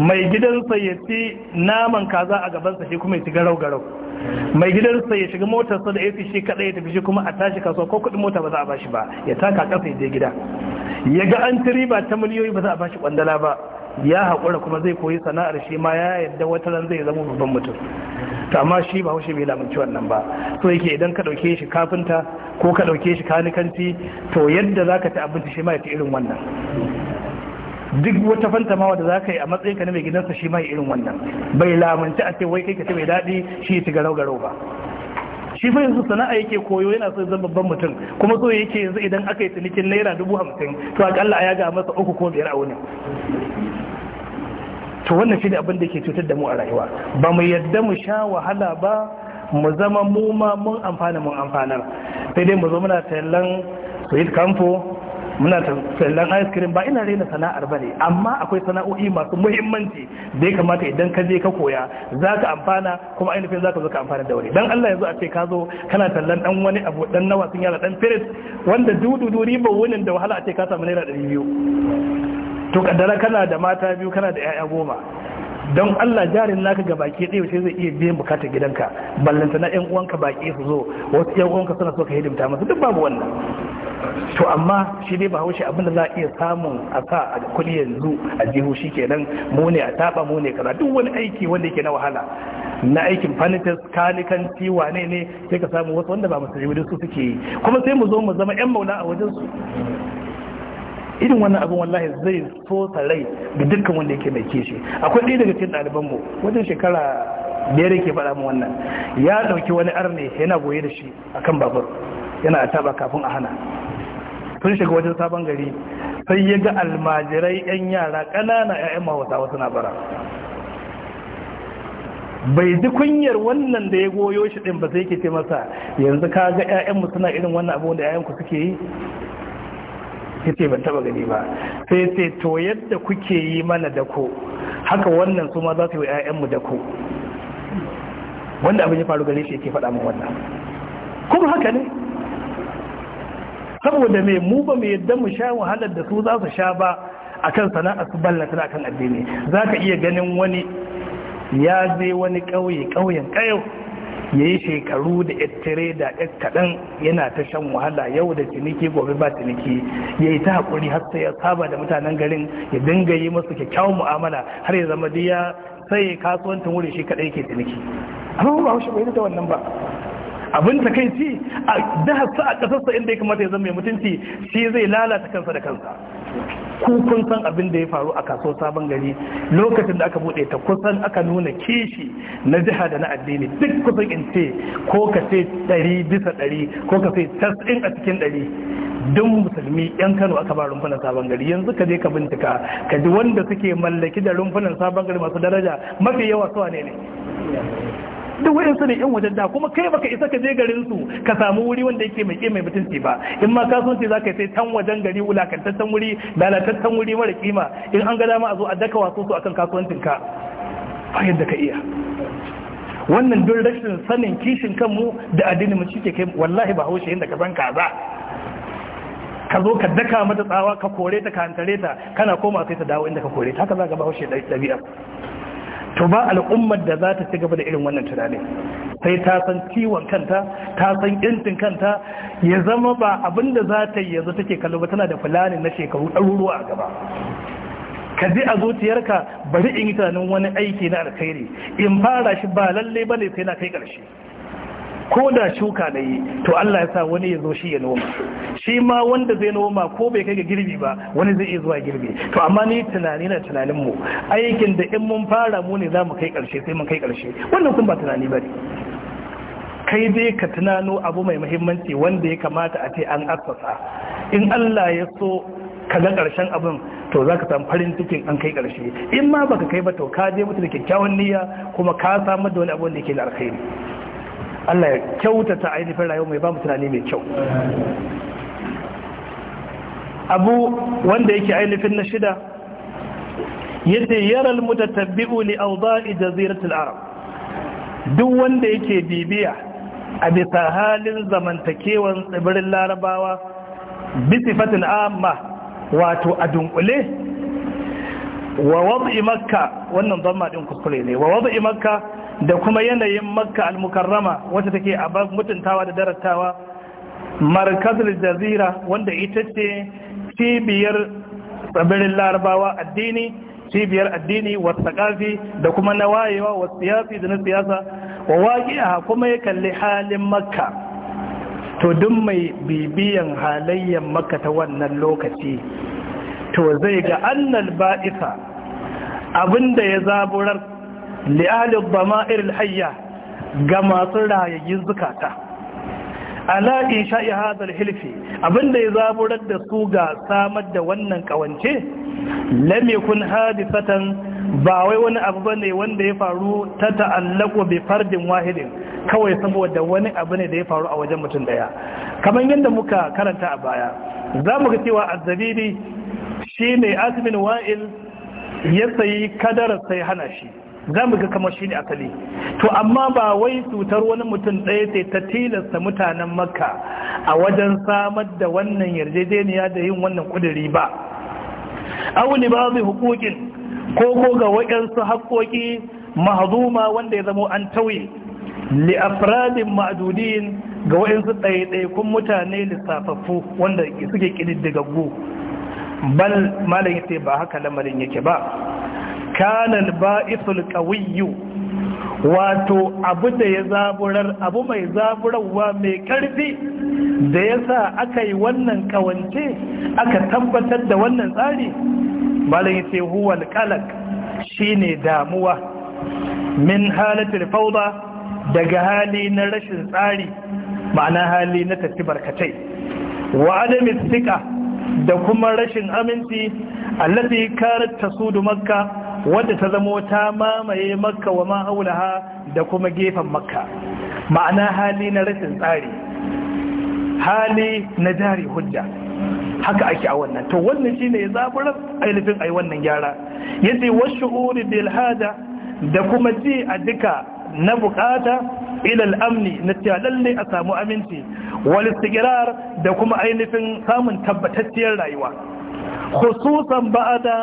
Speaker 1: mai gidansa ya ci naman kaza a gabansa shi kuma ya ci garau-garau mai gidansa ya shiga motarsa da AC shi kadai ya tafi shi kuma a tashi kasuwa ko kudin mota ba za a bashi ba ya taka kasa ya je gida ya ga an tiri ba ta miliyoyi ba za a bashi kwandala ba ya haƙura kuma zai koyi sana'ar shi ma ya yadda wata ran zai zama babban mutum to amma shi ba haushe bai lamunci wannan ba so yake idan ka ɗauke shi kafinta ko ka ɗauke shi kanikanci to yadda za ka ci abinci shi ma ya fi irin wannan duk wata fantamawa da za ka yi a matsayinka na mai gidansa shi mai irin wannan bai lamunci a ce kai ka ce mai daɗi shi ci garau garau ba shi fa yanzu sana'a yake koyo yana so zan babban mutum kuma so yake yanzu idan aka yi tunikin naira dubu hamsin to akalla a yaga masa uku ko biyar a wuni to wannan shi ne abin da ke cutar da mu a rayuwa ba mu yadda mu sha wahala ba mu zama mu ma mun amfana mun amfanar sai dai mu zo muna tallan yi kamfo muna tallan ice cream ba ina raina sana'ar ba ne amma akwai sana'o'i masu muhimmanci da ya kamata idan ka je ka koya za ka amfana kuma ainihin za ka zo ka amfana da wuri don Allah yanzu a ce ka zo kana tallan dan wani abu dan nawa sun yara dan firis wanda dududu riba wunin da wahala a ce ka samu naira ɗari biyu to kaddara kana da mata biyu kana da 'ya'ya goma don Allah jarin naka ga baki ɗaya zai iya biyan bukatar gidanka ballanta na 'yan uwanka baki su zo wasu 'yan uwanka suna so ka hidimta masu duk babu wannan to amma shi dai ba haushe abinda za a iya samun a sa a kuɗi yanzu a jihu shi kenan mu ne a taɓa mu ne kaza duk wani aiki wanda yake na wahala na aikin fanitas kanikanci wane ne sai ka samu wasu wanda ba musulmi da su suke yi kuma sai mu zo mu zama 'yan maula a wajen su irin wannan abin wallahi zai so rai ga dukkan wanda yake mai kishi akwai ɗaya daga cikin ɗalibanmu wajen shekara biyar yake faɗa mu wannan ya ɗauki wani arne yana goye da shi kan babur yana a taɓa kafin a hana sun shiga wajen sabon gari sai ya ga almajirai 'yan yara ƙanana 'ya'yan wasu suna bara bai ji kunyar wannan da ya goyo shi ɗin ba sai ke ce masa yanzu ka ga 'ya'yanmu suna irin wannan abu da 'ya'yanku suke yi sai ce ban taba gani ba sai ce to yadda kuke yi mana da ku haka wannan su ma za su yi mu da ku? wanda abin ya faru gare shi yake faɗa min wannan kuma haka ne saboda mai mu ba mai yadda mu sha wahalar da su za su sha ba akan sana'a su ballata akan addini za ka iya ganin wani ya je wani ƙauye ƙauyen ƙayau ya yi shekaru da yattare da ya kaɗan yana ta shan wahala yau da ciniki gobe ba ciniki ya yi ta haƙuri har sai ya saba da mutanen garin ya dinga yi masu kyakkyawan mu'amala har ya zama diya sai kasuwancin wuri shi kaɗai ke ciniki amma ba haushi bai da wannan ba abin ta kai ci a dahasa a ƙasarsa inda ya kamata ya zama mai mutunci shi zai lalata kansa da kansa kun san abin da ya faru a kasuwar sabon gari lokacin da aka bude ta kusan aka nuna kishi na jiha da na addini duk kusan in ce ko ka ce ɗari bisa ɗari ko ka ce tasirin a cikin ɗari don musulmi yan kano aka ba rumfunan sabon gari yanzu ka je ka bincika ka ji wanda suke mallaki da rumfunan sabon gari masu daraja mafi yawa suwa ne ne duk wurin su ne yan wajen da kuma kai baka isa ka je garin su ka samu wuri wanda yake mai kima mai mutunci ba in ma kasuwanci zaka sai tan wajen gari wulakantaccen wuri lalatattan wuri mara kima in an ga dama a zo a daka wasu su akan kasuwancin ka ba yadda ka iya wannan duk rashin sanin kishin kanmu da addini mu shi kai wallahi ba haushe yadda ka san kaza ka zo ka daka mata tsawa ka kore ta ka hantare ta kana koma sai ta dawo inda ka kore ta haka za ka ba haushe ɗabi'a to ba al'ummar da za ta ci gaba da irin wannan tunanin sai ta san ciwon kanta ta san yancin kanta ya zama ba abin da za ta yi yanzu take kallo ba tana da fulani na shekaru ɗaruruwa a gaba ka ji a zuciyarka bari in yi tunanin wani aiki na alkhairi in fara shi ba lalle ba ne sai na kai ƙarshe ko da shuka da yi to Allah ya sa wani ya zo shi ya noma shi ma wanda zai noma ko bai kai ga girbi ba wani zai iya zuwa girbi to amma ni tunani na tunanin mu aikin da in mun fara mu ne zamu kai karshe sai mun kai karshe wannan kun ba tunani bane kai dai ka tunano abu mai muhimmanci wanda ya kamata a ce an assasa in Allah ya so ka ga karshen abin to za ka samu farin cikin an kai ƙarshe in ma baka kai ba to ka je mutu da kyakkyawan niyya kuma ka samar da wani abu da ke da alkhairi Allah ya kyautata ainihin rayuwa mai ba mu tunani mai kyau abu wanda yake ainihin na shida yadda yaral mutatabbi'u li da jaziratul arab duk wanda yake bibiya a bisa halin zamantakewan tsibirin larabawa bisifatin amma wato a dunkule wa wadda makka wannan zama din kuskure ne wa wadda makka da kuma yanayin makka al-mukarrama wacce take a mutuntawa da darattawa markazul jazira wanda ita ce cibiyar tsibirin larabawa addini cibiyar addini tsakafi da kuma na wayewa wa siyasi da na siyasa wa waƙiya kuma ya kalli halin makka to duk mai bibiyan halayyar makka ta wannan lokaci to zai ga annal ba'isa abinda ya zaburar li'alin dama'ir hayya ga masu rayayyin zukata ala insha'i hadal hilfi abinda ya zaburar da su ga samar da wannan kawance lamikun yakun hadisatan ba wai wani abu bane wanda ya faru ta ta'allaku bi fardin wahidin kawai saboda wani abu ne da ya faru a wajen mutum daya kamar yadda muka karanta a baya za mu ga cewa azzabiri shi ne azmin wa'il ya sayi kadarar sai hana shi za mu ga kamar shi ne asali to amma ba wai cutar wani mutum ɗaya sai ta tilasta mutanen makka a wajen samar da wannan yarjejeniya da yin wannan kuduri ba auni ba zai hukukin ko ko ga waɗansu haƙoƙi mahazuma wanda ya zama an tauye li afradin ma'adudin ga waɗansu ɗaiɗaikun mutane lissafaffu wanda suke ƙididdigaggu bal malayin sai ba haka lamarin yake ba kanal ba'isul qawiyyu wato abu da ya zaburar abu mai zaburarwa mai ƙarfi da yasa aka yi wannan ƙawance aka tabbatar da wannan tsari balai sai huwal kalak shine damuwa min halittar fawda daga hali na rashin tsari ma'ana hali na tafi barkatai wa adamin da kuma rashin aminci allati karat tasudu makka wadda ta zamo ta mamaye makka wa ma haulaha da kuma gefen makka ma'ana hali na rashin tsari hali na jari hujja haka ake a wannan to wannan shine ya zaburar ainihin ai wannan gyara yace washu'uri bil hada da kuma ji a duka na bukata ilal amni na cewa a samu aminci wal istiqrar da kuma ainihin samun tabbatacciyar rayuwa khususan ba'da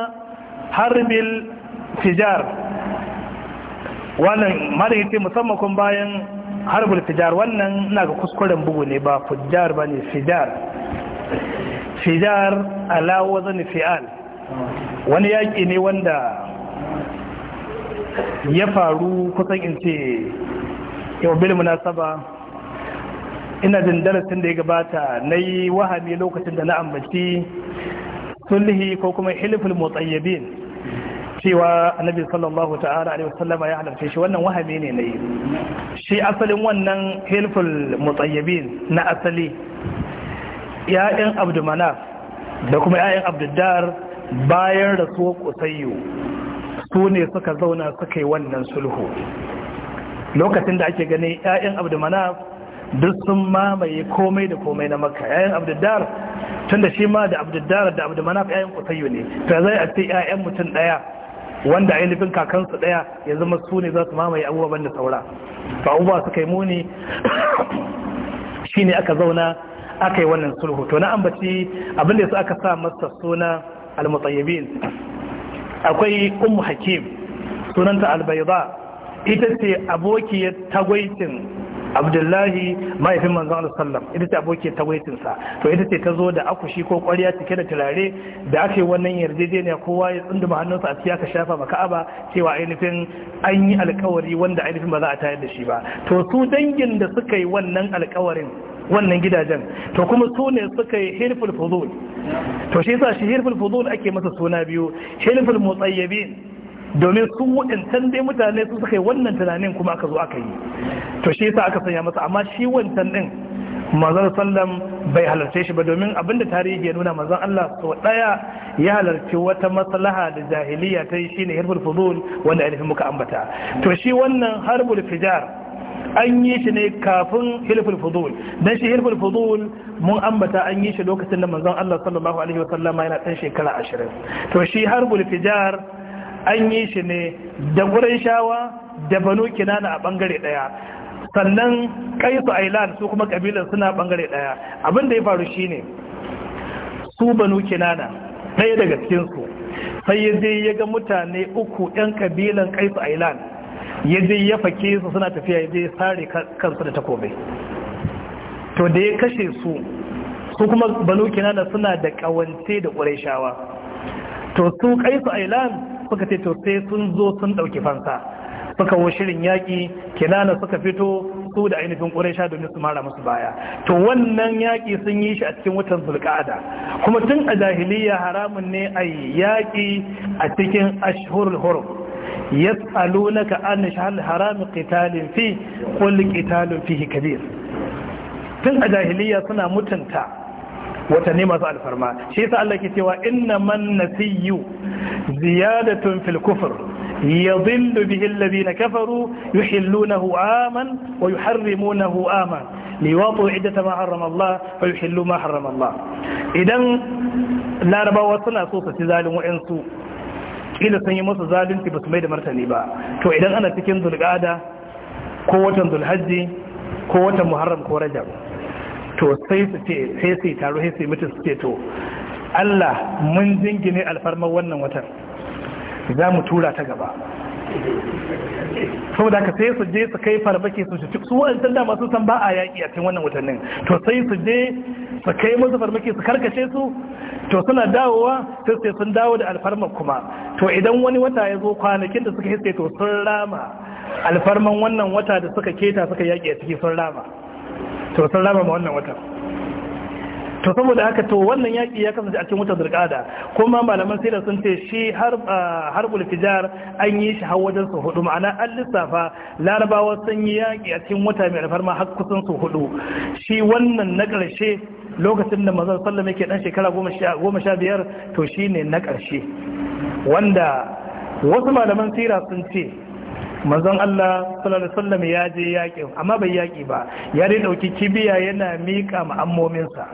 Speaker 1: harbil fijar wannan mara musamman kun bayan harbul fijar wannan ina ga kuskuren bugu ne ba fujar ba ne fijar fijar alawo zane fi'al wani yaƙi ne wanda ya faru kusan in ce yau bil munasaba ina jin darasin da ya gabata na yi wahami lokacin da na ambaci sulhi ko kuma hilifin motsayyabin cewa annabi sallallahu ta'ala alaihi wasallama ya halarce shi wannan wahabi ne nayi shi asalin wannan hilful mutayyibin na asali ya'yan abdumanaf da kuma ya'yan abduddar bayan rasuwa kusayyo su ne suka zauna suka yi wannan sulhu lokacin da ake gani ya'yan abdumanaf duk sun mamaye komai da komai na makka ya'yan abduddar tun da shi ma da abduddar da abdumanaf ya'yan kusayyo ne ta zai a ce ya'yan mutum ɗaya wanda ainihin kakansu daya ya zama su ne za su mamaye abubuwan da saura ba abubuwa suka yi muni ne aka zauna aka yi wannan sulhu to na ambaci abinda su aka sa masa suna almutayyibin akwai ummu hakim sunanta albaiza ita ce abokiyar tagwaitin abdullahi mahaifin manzan Allah sallam ita ce aboki ta waitinsa to ita ce ta zo da akushi ko ƙwarya cike da turare da ake wannan yarjejeniya kowa ya tsunduma hannunsa a ciya ka shafa maka aba cewa ainihin an yi alkawari wanda ainihin ba za a tayar da shi ba to su dangin da suka yi wannan alkawarin wannan gidajen to kuma su ne suka yi hilful fuzul to shi yasa shi hilful fuzul ake masa suna biyu hilful mutsayyabin domin su waɗancan dai mutane su suka yi wannan tunanin kuma aka zo aka yi to shi yasa aka sanya masa amma shi wancan din manzon sallam bai halarce shi ba domin abinda tarihi ya nuna manzon Allah so daya ya halarci wata maslaha da jahiliya ta yi shine harbul fudul wanda alifin muka ambata to shi wannan harbul fijar an yi shi ne kafin hilful fudul dan shi hilful fudul mun ambata an yi shi lokacin da manzon Allah sallallahu alaihi wa sallama yana ɗan shekara 20 to shi harbul fijar an yi shi ne da shawa da banu kinana a bangare daya sannan kaisu ailan su kuma kabilar suna bangare daya abin da ya faru shine su banu kinana daya daga cikinsu sai ya je ya ga mutane uku yan kabilan kaisu ailan ya je ya fake su suna tafiya ya je ya sare kansu da takobai to da ya kashe su su kuma banu kinana suna da kawance da shawa to su kaisu ailan suka ce to sai sun zo sun ɗauki fansa suka wo shirin yaƙi kinana suka fito su da ainihin ƙuraisha domin su mara musu baya to wannan yaƙi sun yi shi a cikin watan zulƙada kuma tun a jahiliya haramun ne a yaƙi a cikin ashhurul hurum yas'alunaka an shahal haram qitalin fi qul qitalun fihi kabir tun a jahiliya suna mutunta watanni masu alfarma shi yasa Allah ke cewa inna man nasiyu ziyadatun fil kufr yadhillu bihi alladhina kafaru yuhillunahu aman wa yuharrimunahu aman liwatu iddata ma harrama Allah fa yuhillu ma harrama Allah idan larabawa suna so su ci zalin wa'ansu kila sun yi zalunci ba su mai da martani ba to idan ana cikin zulqada ko watan zulhajji ko watan muharram ko rajab to sai su ce sai su taro sai su mutu su ce to Allah mun jingine alfarmar wannan watan za mu tura ta gaba da ka sai su je su kai farmaki su shi su wancan dama masu san ba a yaƙi a cikin wannan watannin to sai su je su kai musu farmaki su karkace su to suna dawowa sai sai sun dawo da alfarmar kuma to idan wani wata ya zo kwanakin da suka hiske to sun rama alfarman wannan wata da suka keta suka yaƙi a cikin sun rama to rama ma wannan wata. to saboda haka to wannan yaki ya kasance a cikin wutar zulqa'ada kuma malaman sira sun ce shi har ah, harbul fijar an yi shi har wajen su hudu ma'ana an lissafa larabawa sun yi yaƙi a cikin wata mai alfarma har kusan su hudu shi wannan na ƙarshe lokacin da mazan sallama yake dan shekara goma sha biyar to shi ne na ƙarshe wanda wasu malaman sira sun ce manzon Allah sallallahu alaihi wasallam ya je yaƙi amma bai yaƙi ba ya dai dauki kibiya yana miƙa ma'amominsa.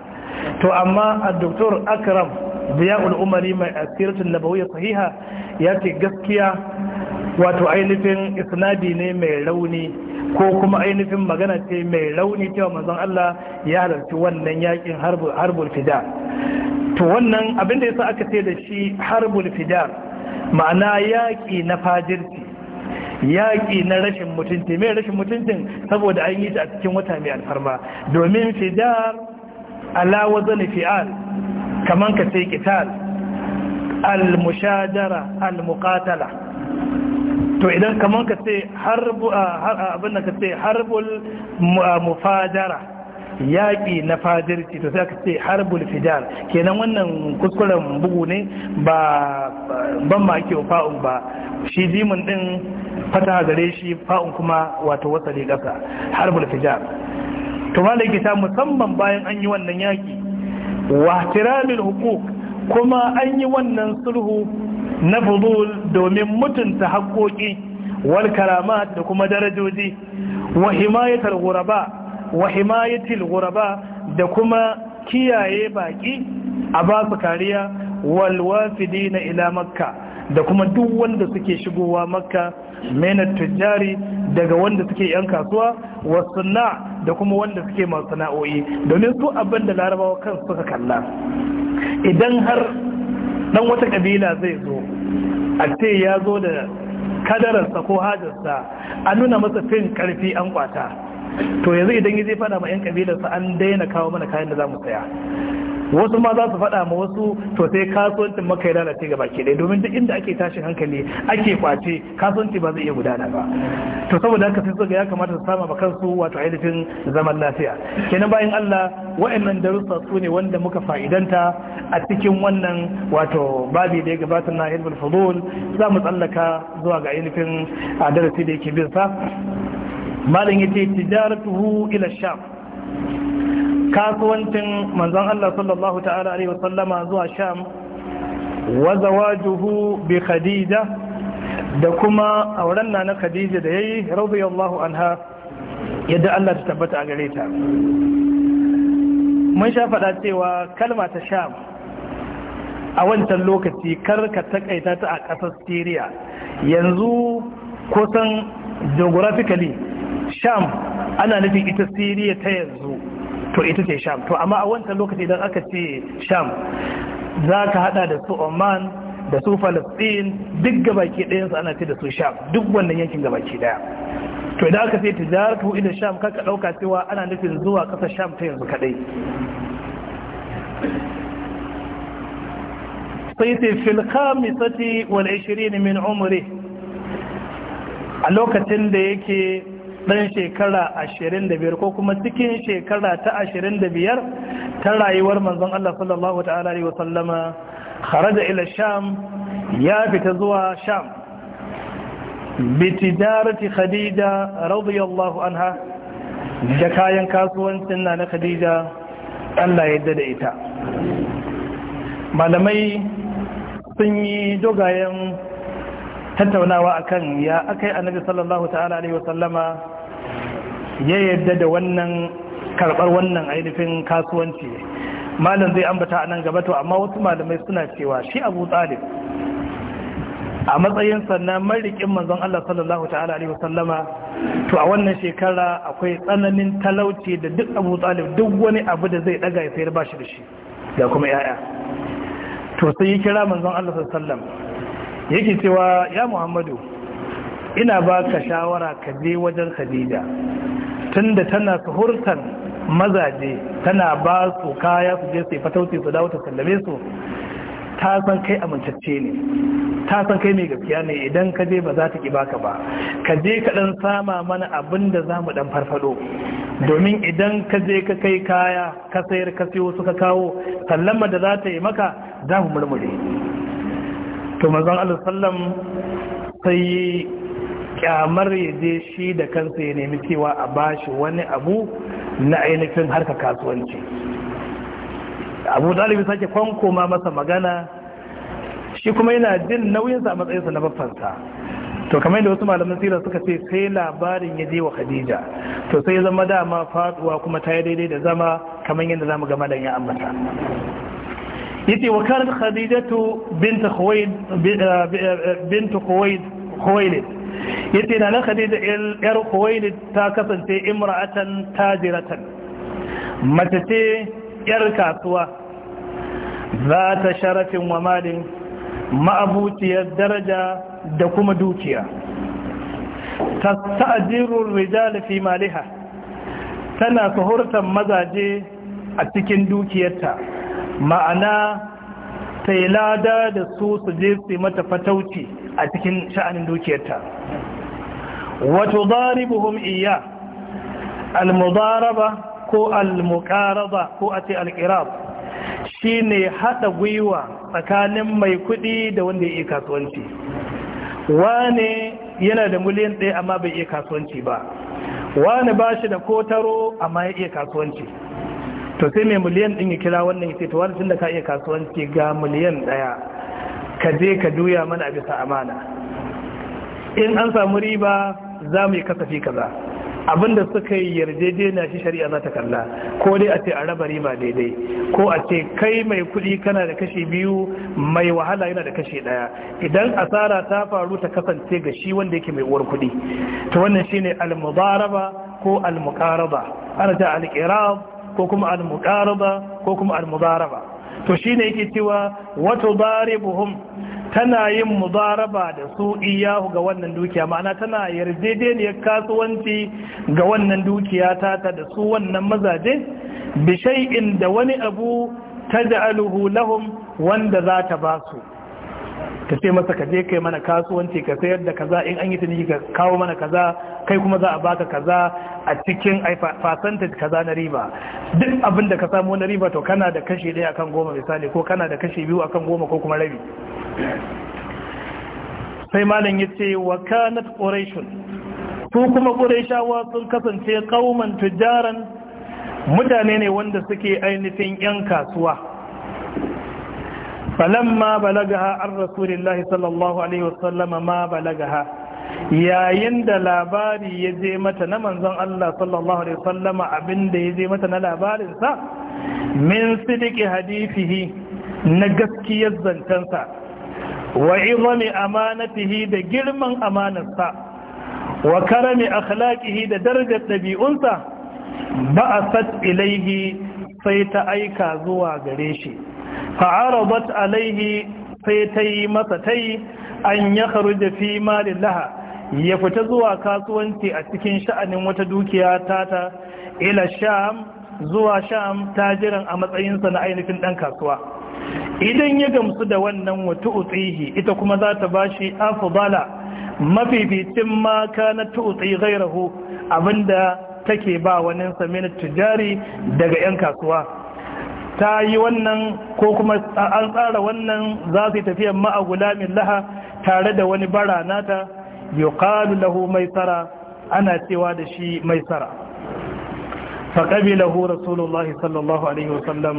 Speaker 1: to amma a doktor Akram Ziya'ul Umari mai asiratul nabawiyya sahiha ya ce gaskiya wato ainihin isnadi ne mai rauni ko kuma ainihin magana ce mai rauni cewa manzon Allah ya halarci wannan yaƙin harbul fida to wannan abin da yasa aka ce da shi harbul fida ma'ana yaƙi na fajirci yaƙi na rashin mutunci mai rashin mutuncin saboda an yi shi a cikin wata mai alfarma domin fidar alawar zane fi'al kamar ka sai kital al-mushadara al mukatala to idan kamar ka sai harbul mufadara yaƙi na fajirci to sai aka ce harbul fidal kenan wannan kuskuren bugu ne ba ban ma ake fa'un ba shi dimin din fata gare shi fa'un kuma wato wasali ƙasa harbul fidal to malaki ta musamman bayan an yi wannan yaƙi wa tiramil hukuk kuma an yi wannan sulhu na fudul domin mutunta haƙoƙi wal karamat da kuma darajoji wa himayatar guraba wa himayatil ghuraba da kuma kiyaye baki a ba kariya wal wafidina ila makka da kuma duk wanda suke shigowa makka mena tujari daga wanda suke yan kasuwa wasunna da kuma wanda suke masana'o'i, domin su abin da larabawa kan suka kalla idan har dan wata kabila zai zo a ce ya zo da kadararsa ko hajarsa a nuna masa fin karfi an kwata to yanzu idan yi zai fada ma 'yan kabilarsa an daina kawo mana kayan da za mu saya wasu ma za su fada ma wasu to sai kasuwancin maka ya lalace gaba ke ɗaya domin duk inda ake tashin hankali ake kwace kasuwanci ba zai iya gudana ba to saboda haka sai suka ya kamata su sama kansu wato ainihin zaman lafiya kenan bayan Allah wa'annan darussa su ne wanda muka fa'idanta a cikin wannan wato babi da ya gabata na ilmul fudul za mu tsallaka zuwa ga ainihin darasi da yake bin sa malin ya yace tijaratuhu ila sham kasuwancin manzon Allah sallallahu ta'ala alaihi wasallama zuwa sha wa zawajuhu bi khadija da kuma auren na khadija da yayi radiyallahu anha yadda Allah ta tabbata a gare ta mun sha faɗa cewa kalma ta sham a wancan lokaci kar ka takaita ta a ƙasar syria yanzu kusan geographically sham ana nufin ita siriya ta yanzu to ita ce sham to amma a wancan lokaci idan aka ce sham za ka hada da su oman da su falastin duk gabaki ɗayansu ana ce da su sham duk wannan yankin gabaki daya to idan aka ce tijaratu da sham kaka ɗauka cewa ana nufin zuwa ƙasa sham ta yanzu kaɗai sai sai filkamisati wal 20 min umri a lokacin da yake ɗan shekara ashirin da biyar ko kuma cikin shekara ta ashirin da biyar ta rayuwar manzon Allah sallallahu ta'ala wa sallama kharaja ila sham ya fita zuwa sham bitijarati khadija radiyallahu anha da kayan kasuwancin na na khadija Allah ya yarda da ita malamai sun yi dogayen tattaunawa akan ya akai annabi sallallahu ta'ala alaihi wasallama ya yadda da wannan karbar wannan ainihin kasuwanci malam zai ambata a nan gaba to amma wasu malamai suna cewa shi abu a matsayin sannan marikin manzon Allah sallallahu ta'ala alaihi wasallama to a wannan shekara akwai tsananin talauci da duk abu duk wani abu da zai daga ya sayar bashi da shi da kuma yaya to sai ya kira manzon Allah sallallahu alaihi wasallam yake cewa ya Muhammadu ina baka shawara ka je wajen Khadija tunda tana suhurtar mazaje tana ba su kaya su je su yi fatauci su dawo ta sallame su ta san kai amintacce ne ta san kai mai gaskiya ne idan ka je ba za ta ki baka ba ka je ka dan sama mana abin da za mu dan farfado domin idan ka je ka kai kaya ka sayar ka siyo suka kawo sallama da za ta yi maka za mu murmure to manzon Allah sallam sai kyamar ya je shi da kansa ya nemi cewa a bashi wani abu na ainihin harka kasuwanci abu dalibi sake kwankoma masa magana shi kuma yana jin nauyinsa a matsayinsa na babbansa to kamar da wasu malamin sira suka ce sai labarin ya je wa khadija to sai ya zama dama faduwa kuma ta yi daidai da zama kamar yadda zamu gama da ya ambata yace wa kanat khadijatu bint khuwaid eh, eh, bint khuwaid yace na na khadija yar kuwaini ta kasance imra'atan tajiratan mace ce yar kasuwa za ta sharafin wa malin ma'abuciyar daraja da kuma dukiya tasta'dirur rijal fi maliha tana suhurtan mazaje a cikin dukiyarta ma'ana lada da su su je su mata fatauci a cikin sha'anin dukiyarta wato daribuhum iya almudaraba ko almukaraba ko a ce alkirab shi ne haɗa gwiwa tsakanin mai kuɗi da wanda ya iya kasuwanci wane yana da miliyan ɗaya amma bai iya kasuwanci ba wane ba shi da kotaro amma ya iya kasuwanci to sai mai miliyan ɗin ya kira wannan ya ce to wani tun da ka iya kasuwanci ga miliyan ɗaya ka je ka juya mana a bisa amana in an samu riba za mu yi kasafi kaza abinda suka yi yarjejeniya shi shari'a za ta kalla ko dai a ce a raba riba daidai ko a ce kai mai kuɗi kana da kashi biyu mai wahala yana da kashi ɗaya idan asara ta faru ta kasance ga shi wanda yake mai uwar kuɗi to wannan shine al-mudaraba ko al-muqaraba ana ta al ko kuma al ko kuma al to shine yake cewa wato daribuhum tana yin mudaraba da su iyahu ga wannan dukiya ma'ana tana yarjejeniyar kasuwanci ga wannan dukiya ta da su wannan mazaje bi shay'in da wani abu ta taj'aluhu lahum wanda za ta ba su ka ce masa ka je kai mana kasuwanci ka sayar da kaza in an yi tuni ka kawo mana kaza kai kuma za a baka kaza a cikin fasanta kaza na riba duk abin da ka samu na riba to kana da kashi ɗaya akan goma misali ko kana da kashi biyu akan goma ko kuma rabi sai malam ya ce wa kanat quraishun su kuma quraishawa sun kasance qauman tujaran mutane ne wanda suke ainihin yan kasuwa ma balagaha an rasulillahi sallallahu alaihi wasallama ma balagaha yayin da labari ya je mata na manzon Allah sallallahu alaihi wasallama abinda ya je mata na labarinsa min sidiki hadithihi na gaskiyar zancen sa, wa izami amanatihi da girman amanarsa wa karami akhlaƙihi da darajar dabi'unsa ba'asat ilaihi sai ta aika zuwa gare shi fa'arabat alaihi sai ta yi masa ta yi an ya kharuja fi malin ya fita zuwa kasuwanci a cikin sha'anin wata dukiya tata ila sham zuwa sham tajiran a matsayinsa na ainihin ɗan kasuwa idan ya gamsu da wannan wata utsihi ita kuma za ta ba shi afubala mafificin maka na tutsi gairahu abinda take ba wani samin tujari daga 'yan kasuwa ta yi wannan ko kuma an tsara wannan za su yi tafiyan ma'agula gulamin laha tare da wani bara nata yuqalu lahu tsara ana cewa da shi mai lahu rasulullahi sallallahu alaihi wasallam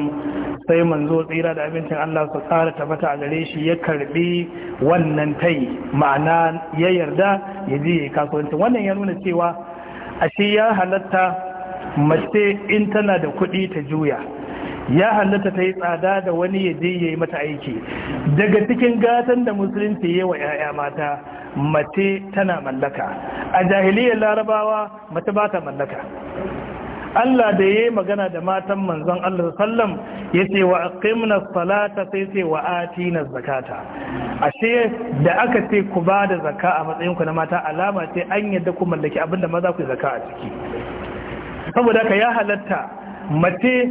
Speaker 1: sai manzo tsira da abincin Allah su tsara tabbata a gare shi ya karbi wannan tai ma'ana ya yarda ya ji ya kasuwanci wannan ya nuna cewa ashe ya halatta mace in tana da kuɗi ta juya ya halatta ta yi tsada da wani ya je ya yi mata aiki daga cikin gatan da musulunci ya yi wa 'ya'ya mata mace tana mallaka a jahiliyar larabawa mace ba ta mallaka Allah da ya yi magana da matan manzon Allah sallam ya ce wa aqimna salata sai ce wa atina zakata ashe da aka ce ku ba da zakka a matsayin ku na mata alama ce an yadda ku mallaki abinda maza ku zakka a ciki saboda ka ya halatta mace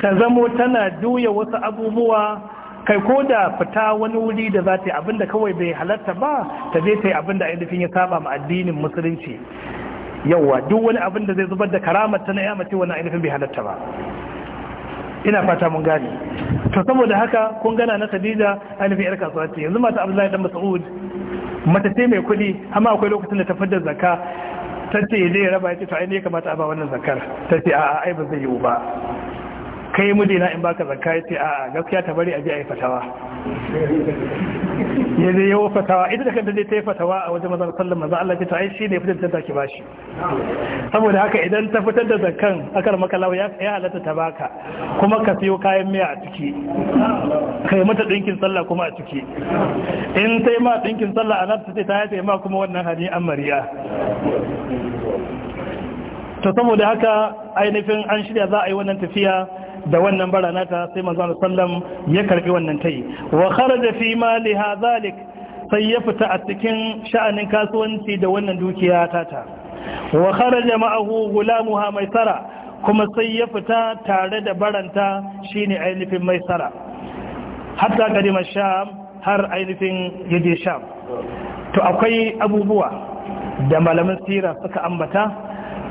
Speaker 1: ta zamo tana juya wasu abubuwa kai ko da fita wani wuri da za ta yi abinda kawai bai halatta ba ta zai ta yi abinda ainihin ya saba ma addinin musulunci yauwa duk wani abin da zai zubar da karamar ta na ya mace wani ainihin bai halatta ba ina fata mun gani to saboda haka kun gana na Khadija ainihin yar kasuwa ce yanzu mata Abdullahi dan Mas'ud mata ce mai kuɗi amma akwai lokacin da ta fadda zakka ta zai raba ya ce to ne kamata a ba wannan zakar ta ce a'a ai ba zai yi ba kai mudina in baka zakka ya ce a gaskiya ta bari a je a yi fatawa ya zai yawo fatawa ita da kanta zai ta yi fatawa a wajen mazan sallan maza Allah ce ta aishi ne fitar da zaki bashi saboda haka idan ta fitar da zakkan akar makalawa ya halatta ta baka kuma ka siyo kayan miya a ciki kai mata dinkin sallah kuma a ciki in ta yi ma dinkin sallah a nan ta ce ta yi ma kuma wannan hani an mariya to saboda haka ainihin an shirya za a yi wannan tafiya da wannan barana nata sai manzo sallam ya karbi wannan tai wa kharaja fi mali hadhalik sai ya fita a cikin sha'anin kasuwanci da wannan dukiya tata wa kharaja ma'ahu gulamuha maisara kuma sai ya fita tare da baranta shine ainihin maisara hatta kadima sham har ainihin yaje sham to akwai abubuwa da malaman sira suka ambata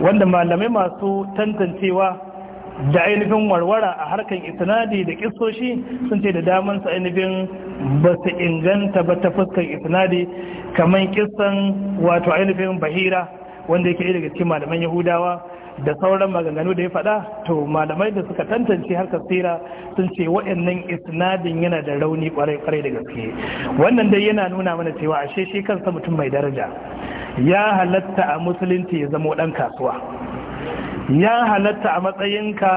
Speaker 1: wanda malamai masu tantancewa da ainihin warwara a harkar isnadi da kisoshi sun ce da daman su ainihin ba su inganta ba ta fuskar isnadi kamar kisan wato ainihin bahira wanda yake daga cikin malaman yahudawa da sauran maganganu da ya faɗa to malamai da suka tantance harkar tsira sun ce waɗannan isnadin yana da rauni kwarai-kwarai da gaske wannan dai yana nuna mana cewa ashe shi kansa mutum mai daraja ya halatta a musulunci ya zama ɗan kasuwa ya halatta a matsayinka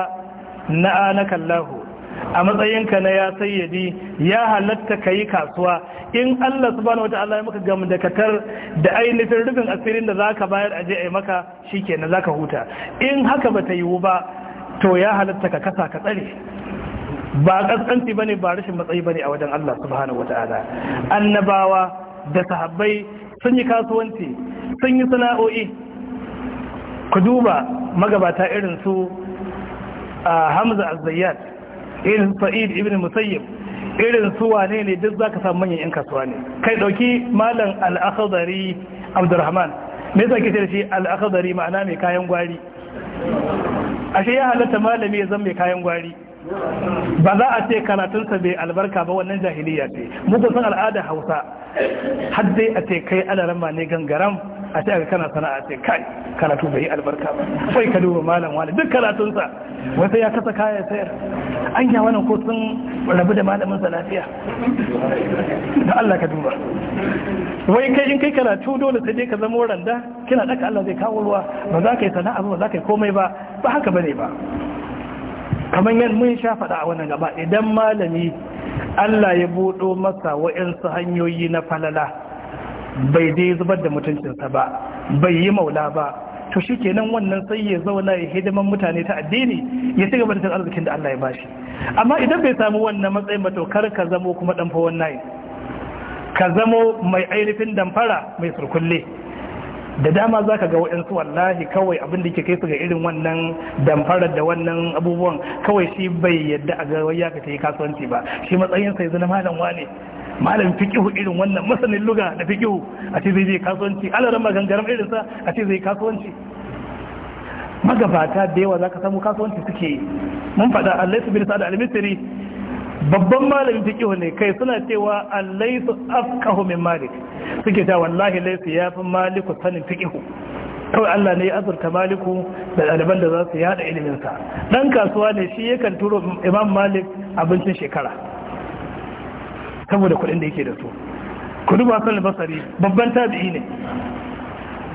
Speaker 1: na anakallahu a matsayinka na ya sayyadi ya halatta ka yi kasuwa in Allah subhanahu ya maka gamu da da ainihin rufin asirin da za ka bayar aje a maka na shi za ka huta in haka ba ta yiwu ba to ya halatta ka kasa ka tsare ba kaskanci bane ba rashin matsayi ba ne a wajen Allah subhanahu annabawa da sahabbai sun yi kasuwanci sun yi sana'o'i ku duba magabata irin su hamza azayyar irin sa'id ibn musayyib irin su wane ne duk za ka samu manyan yan kasuwa ne kai ɗauki malam al abdurrahman me yasa kike da shi al ma'ana mai kayan gwari ashe ya halatta malami ya zama mai kayan gwari ba za a ce karatunsa bai albarka ba wannan jahiliya ce muku san al'ada hausa har dai a ce kai alarama ne gangaram a ce kana sana'a ce kai karatu bai yi albarka ba sai ka duba malam wani duk karatunsa wata ya kasa kaya sayar an ya wannan ko sun rabu da malamin sa lafiya da Allah ka duba wai kai in kai karatu dole sai dai ka zama randa kina daka Allah zai kawo ruwa ba za ka yi sana'a ba za ka yi komai ba ba haka bane ba kamar yan mun sha faɗa a wannan gaba idan malami Allah ya buɗo masa su hanyoyi na falala bai dai zubar da mutuncinsa ba bai yi maula ba to shi kenan wannan sai ya zauna ya hidiman mutane ta addini ya ci gaba da arzikin da Allah ya bashi amma idan bai samu wannan matsayin ba to kar ka zamo kuma dan fa wannan ka zamo mai ainihin damfara mai surkulle da dama za ka ga waɗansu wallahi kawai abin da ke kai su ga irin wannan damfara da wannan abubuwan kawai shi bai yadda a ga ya ka ta yi kasuwanci ba shi matsayin sai zana malam ne. malamin fikihu irin wannan masanin luga da fikihu a ce zai kasuwanci alaran irinsa a ce zai kasuwanci magabata da yawa za ka samu kasuwanci suke mun faɗa allaisu bin sa'ad al-misri babban malamin fikihu ne kai suna cewa allaisu afqahu min malik suke ta wallahi laisu yafi maliku sanin fikihu kawai Allah ne ya azurta maliku da ɗaliban da za su yada sa dan kasuwa ne shi yakan turo imam malik abincin shekara saboda kuɗin da yake da su ku duba sun basari babban tabi'i ne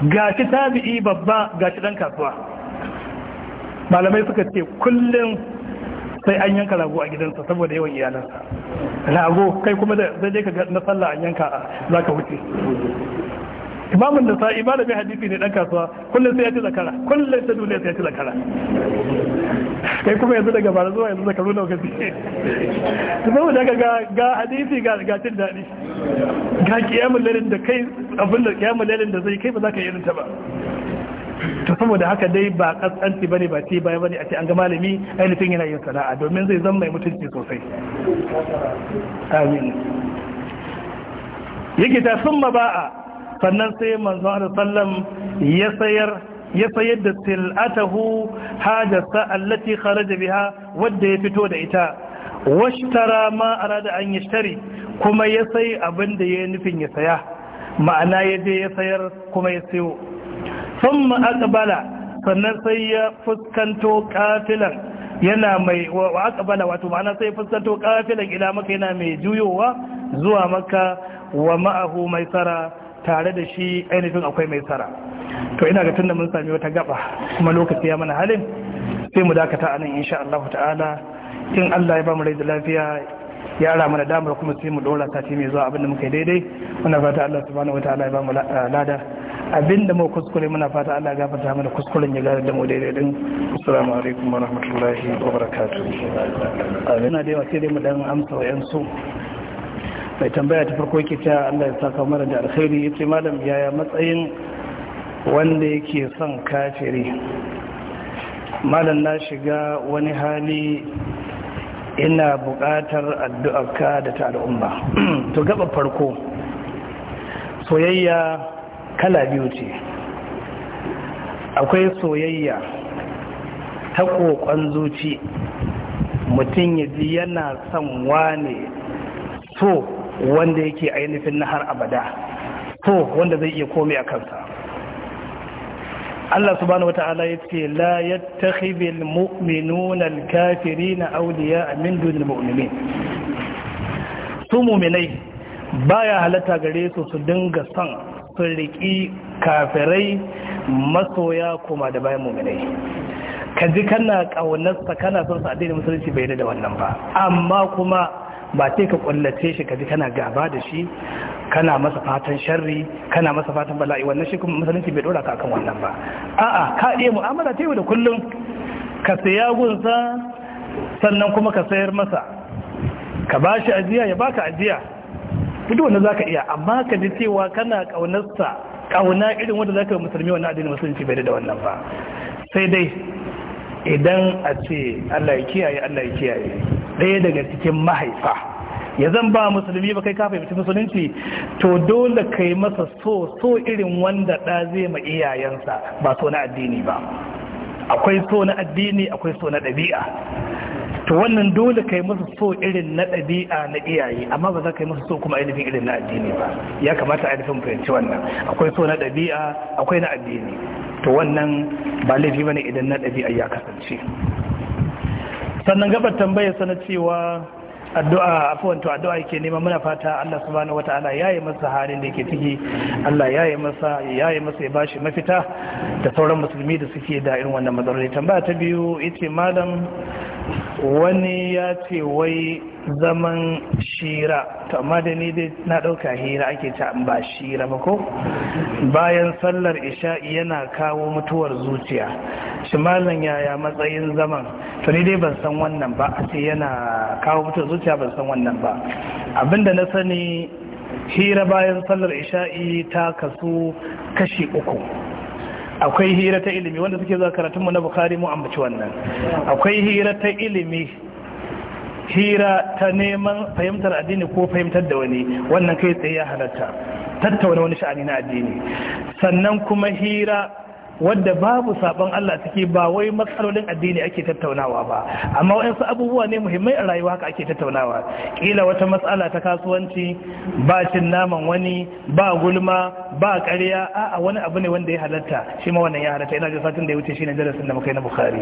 Speaker 1: gashi tabi'i babba gashi dan kasuwa malamai suka ce kullum sai an yanka rago a gidansa saboda yawan iyalansa rago kai kuma da zai je ka na sallah an yanka za ka wuce imamun da sa'i mai hadisi ne dan kasuwa kullum sai ya ci zakara kullum sai dole sai ya ci zakara kai kuma yanzu daga bara zuwa yanzu zakaru nawa kace to da ga ga hadisi ga ga cin daɗi ga kiyamul lailin da kai abin da kiyamul lailin da zai kai ba za ka yi irin ta ba to saboda haka dai ba kasanci bane ba ce baya bane a ce an ga malami ainihin yana yin sana'a domin zai zama mai mutunci sosai amin yake ta summa ba'a sannan sai manzon Allah sallam ya sayar ya sayar da sil'atahu hajasa allati kharaja biha wadda ya fito da ita washtara ma arada an yashtari kuma ya sai abin da ya nufin ya saya ma'ana ya je ya sayar kuma ya sayo thumma aqbala sannan sai ya fuskanto kafilan yana mai wa aqbala wato ma'ana sai ya fuskanto kafilan ila maka yana mai juyowa zuwa maka wa ma'ahu maisara tare da shi ainihin akwai mai tsara to ina ga tunda mun sami wata gaba kuma lokaci ya mana halin sai mu dakata anan insha Allah ta'ala in Allah ya ba mu rai da lafiya ya ara mana damar kuma sai mu dora sati mai zuwa abinda muka yi daidai muna fata Allah subhanahu wataala ya ba mu ah, lada abinda mu kuskure muna fata Allah ya gafarta mana kuskuren ya gara da mu daidai din assalamu alaikum wa rahmatullahi wa barakatuh ina da yawa sai dai mu dan amsa wa yansu mai tambaya ta farko yake ta Allah ya saka mana da alkhairi yace malam yaya matsayin wanda yake son kafiri malam na shiga wani hali ina buƙatar addu'arka da ta al'umma to gaba farko soyayya kala biyu ce akwai soyayya ta ƙoƙon zuci mutum ya ji yana son wane so wanda yake ainihin na har abada to wanda zai iya komai a kansa Allah subhanahu wata'ala ya ce la yattakhidhul mu'minuna al-kafirina awliya min dunil mu'minin su mu'minai baya halatta gare su su dinga son sun riki kafirai masoya kuma da bayan mu'minai kaji kana kana sa kana son sa addinin musulunci bai da wannan ba amma kuma ba sai ka kullace shi kaji kana gaba da shi kana masa fatan sharri kana masa fatan bala'i wannan shi kuma musulunci bai dora ka akan wannan ba a'a ka iya mu'amala ta yau da kullum ka saya gunsa sannan kuma ka sayar masa ka ba shi ajiya ya baka ajiya duk wanda zaka iya amma ka ji cewa kana kaunarsa kauna irin wanda zaka musulmi wannan addinin musulunci bai da wannan ba sai dai idan a ce Allah ya kiyaye Allah ya kiyaye ɗaya daga cikin mahaifa ya zan ba musulmi ba kai ka fahimci musulunci to dole kai masa so so irin wanda ɗa zai ma iyayensa ba so na addini ba akwai so na addini akwai so na ɗabi'a to wannan dole kai masa so irin na ɗabi'a na iyaye amma ba za ka yi masa so kuma ainihin irin na addini ba ya kamata ainihin fahimci wannan akwai so na ɗabi'a akwai na addini to wannan ba laifi bane idan na ɗabi'a ya kasance sannan gabar tambayar sana cewa addu'a afuwan to addu'a yake neman muna fata Allah subhanahu wataala yayi masa halin da yake ciki Allah yayi masa yayi masa ya bashi mafita da sauran musulmi da suke da irin wannan matsaloli tambaya ta biyu ita malam wani ya ce wai zaman shira to amma da ni dai na ɗauka hira ake ta ba shira ba ko bayan sallar isha'i yana kawo mutuwar zuciya shi malam yaya matsayin zaman to ni dai ban san wannan ba a ce yana kawo mutuwar zuciya ban san wannan ba abinda na sani hira bayan sallar isha'i ta kasu kashi uku akwai hira ta ilimi wanda suke zuwa karatunmu na bukari mu ambaci wannan akwai hira ta ilimi hira ta neman fahimtar addini ko fahimtar da wani wannan kai tsaye ya halatta tattauna wani sha'ani na addini sannan kuma hira wadda babu sabon Allah suke ba wai matsalolin addini ake tattaunawa ba amma wayansu abubuwa ne muhimmai a rayuwa haka ake tattaunawa kila wata matsala ta kasuwanci ba cin naman wani ba gulma ba ƙarya a wani abu ne wanda ya halatta shi ma wannan ya halatta ina ji satin da ya wuce shi ne darasin da muka yi na bukari.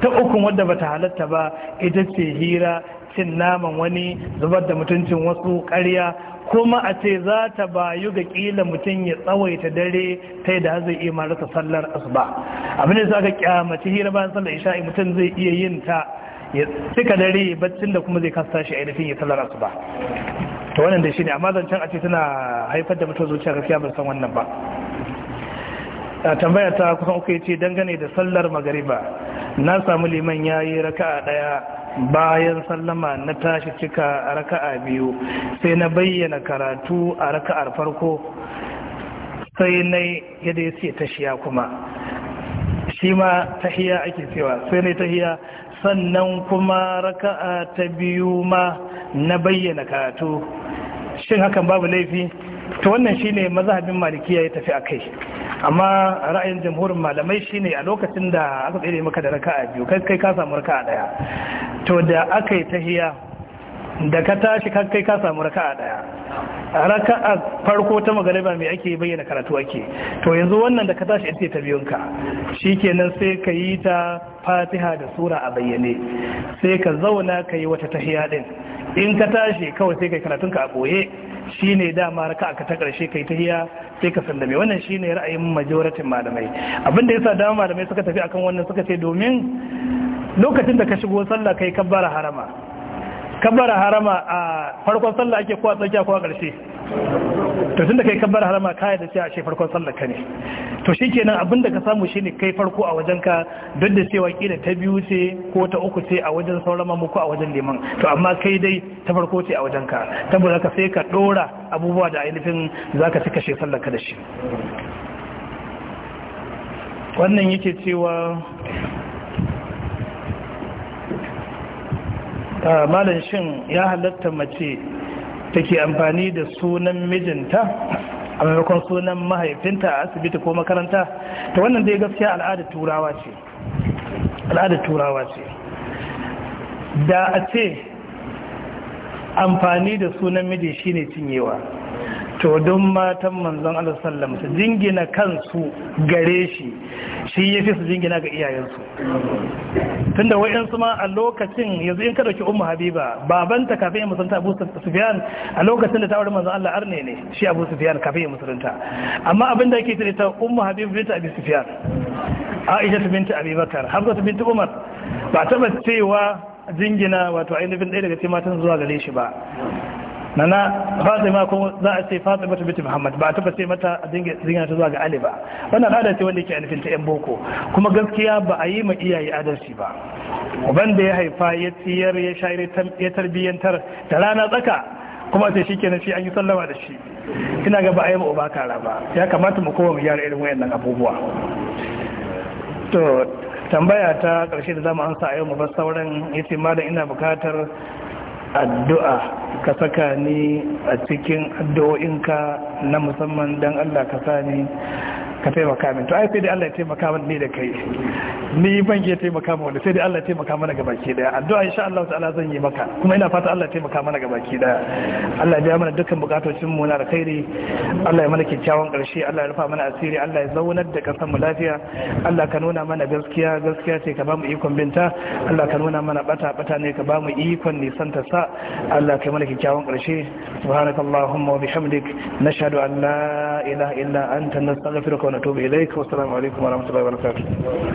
Speaker 1: ta ukun wadda bata halatta ba ita ce hira cin naman wani zubar da mutuncin wasu karya, kuma a ce za ta bayu ga ƙila mutum ya tsawaita dare ta yi da zai iya marasa sallar asuba abin da aka kyamaci hira bayan sallar isha'i mutum zai iya yin ta ya cika dare baccin da kuma zai kasta shi ainihin ya sallar asuba to wannan da shi ne amma zancen a ce tana haifar da mutum zuciya gaskiya ban san wannan ba tambaya ta kusan uku ya ce dangane da sallar magariba na samu liman ya yi raka a ɗaya bayan sallama na tashi cika a raka'a biyu sai na bayyana karatu a raka'ar farko sai na yadda ya ce tashiya kuma shi ma tahiya ake cewa sai na tahiya sannan kuma raka'a ta biyu ma na bayyana karatu shin hakan babu laifi to wannan shine mazhabin malikiya ya tafi akai amma ra'ayin jamhurin malamai shine a lokacin da aka tsere maka da raka'a biyu kai kai ka samu raka'a daya to da aka yi tahiya da ka tashi kan kai ka samu raka'a daya raka'a farko ta magariba mai ake bayyana karatu ake to yanzu wannan da ka tashi ita ta biyun ka kenan sai ka yi ta fatiha da sura a bayyane sai ka zauna ka yi wata tahiya din in ka tashi kawai sai kai karatun ka a ɓoye. Shi shine dama raka aka ta karshe kai tahiya sai ka sallame wannan ne ra'ayin majoratin malamai abin abinda sa dama malamai suka tafi akan wannan suka ce domin lokacin da ka shigo sallah kai kabbara harama kabbara harama a farkon sallah ake kowa tsakiya kowa ƙarshe to tun da kai kabbara harama ka yadda cewa ashe farkon sallah ka ne to shi kenan abin da ka samu shi ne kai farko a wajen ka duk da cewa ƙila ta biyu ce ko ta uku ce a wajen sauran mamu ko a wajen liman to amma kai dai ta farko ce a wajen ka saboda ka sai ka ɗora abubuwa da ainihin za ka ci kashe sallah ka da shi wannan yake cewa malam shin ya halatta mace take amfani da sunan mijinta a maimakon sunan mahaifinta a asibiti ko makaranta ta wannan dai gaskiya al'ada turawa ce al'ada turawa ce da a ce amfani da sunan miji shine cinyewa to don matan manzon Allah sallam su jingina kansu gare shi shi ya fi su jingina ga iyayensu tunda wa'yansu ma a lokacin yanzu in ka dauki ummu habiba babanta kafin ya musulunta abu sufyan a lokacin da ta wuri manzon Allah arne ne shi abu sufyan kafin ya musulunta amma abin da yake tare ta ummu habiba binta abu sufyan aisha binta abi bakar hamza binta umar ba taba cewa jingina wato ainihin ɗaya daga cikin matan zuwa gare shi ba na na fatima ko za a ce fatima ta biti muhammad ba ta sai mata a dinga ta zuwa ga ali ba wannan al'ada ce wanda yake alifin ta yan boko kuma gaskiya ba a yi ma iyaye adalci ba uban da ya haifa ya tsiyar ya shayar ya tarbiyyantar da rana tsaka kuma sai shi kenan shi an yi sallama da shi ina ga ba a yi ma uba kara ba ya kamata mu kowa mu gyara irin wayannan abubuwa to tambaya ta ƙarshe da zamu amsa a yau mu bar sauran yace da ina bukatar addu'a ka saka ni a cikin addu'o'inka na musamman don Allah ka sani ka taimaka min to ai sai dai Allah ya taimaka mana ni da kai ni ban iya taimaka mana wanda sai dai Allah ya taimaka mana gaba ki daya addu'a insha Allah ta'ala zan yi maka kuma ina fata Allah ya taimaka mana gaba ki daya Allah ya biya mana dukkan bukatocin mu na alkhairi Allah ya mana kyakkyawan karshe Allah ya rufa mana asiri Allah ya zaunar da kasan mu lafiya Allah ka nuna mana gaskiya gaskiya ce ka ba mu ikon binta Allah ka nuna mana bata bata ne ka ba mu ikon nisan ta sa Allah ka mana kyakkyawan karshe subhanakallahumma wa bihamdik nashhadu an la ilaha illa anta nastaghfiruka ونتوب إليك والسلام عليكم ورحمة الله وبركاته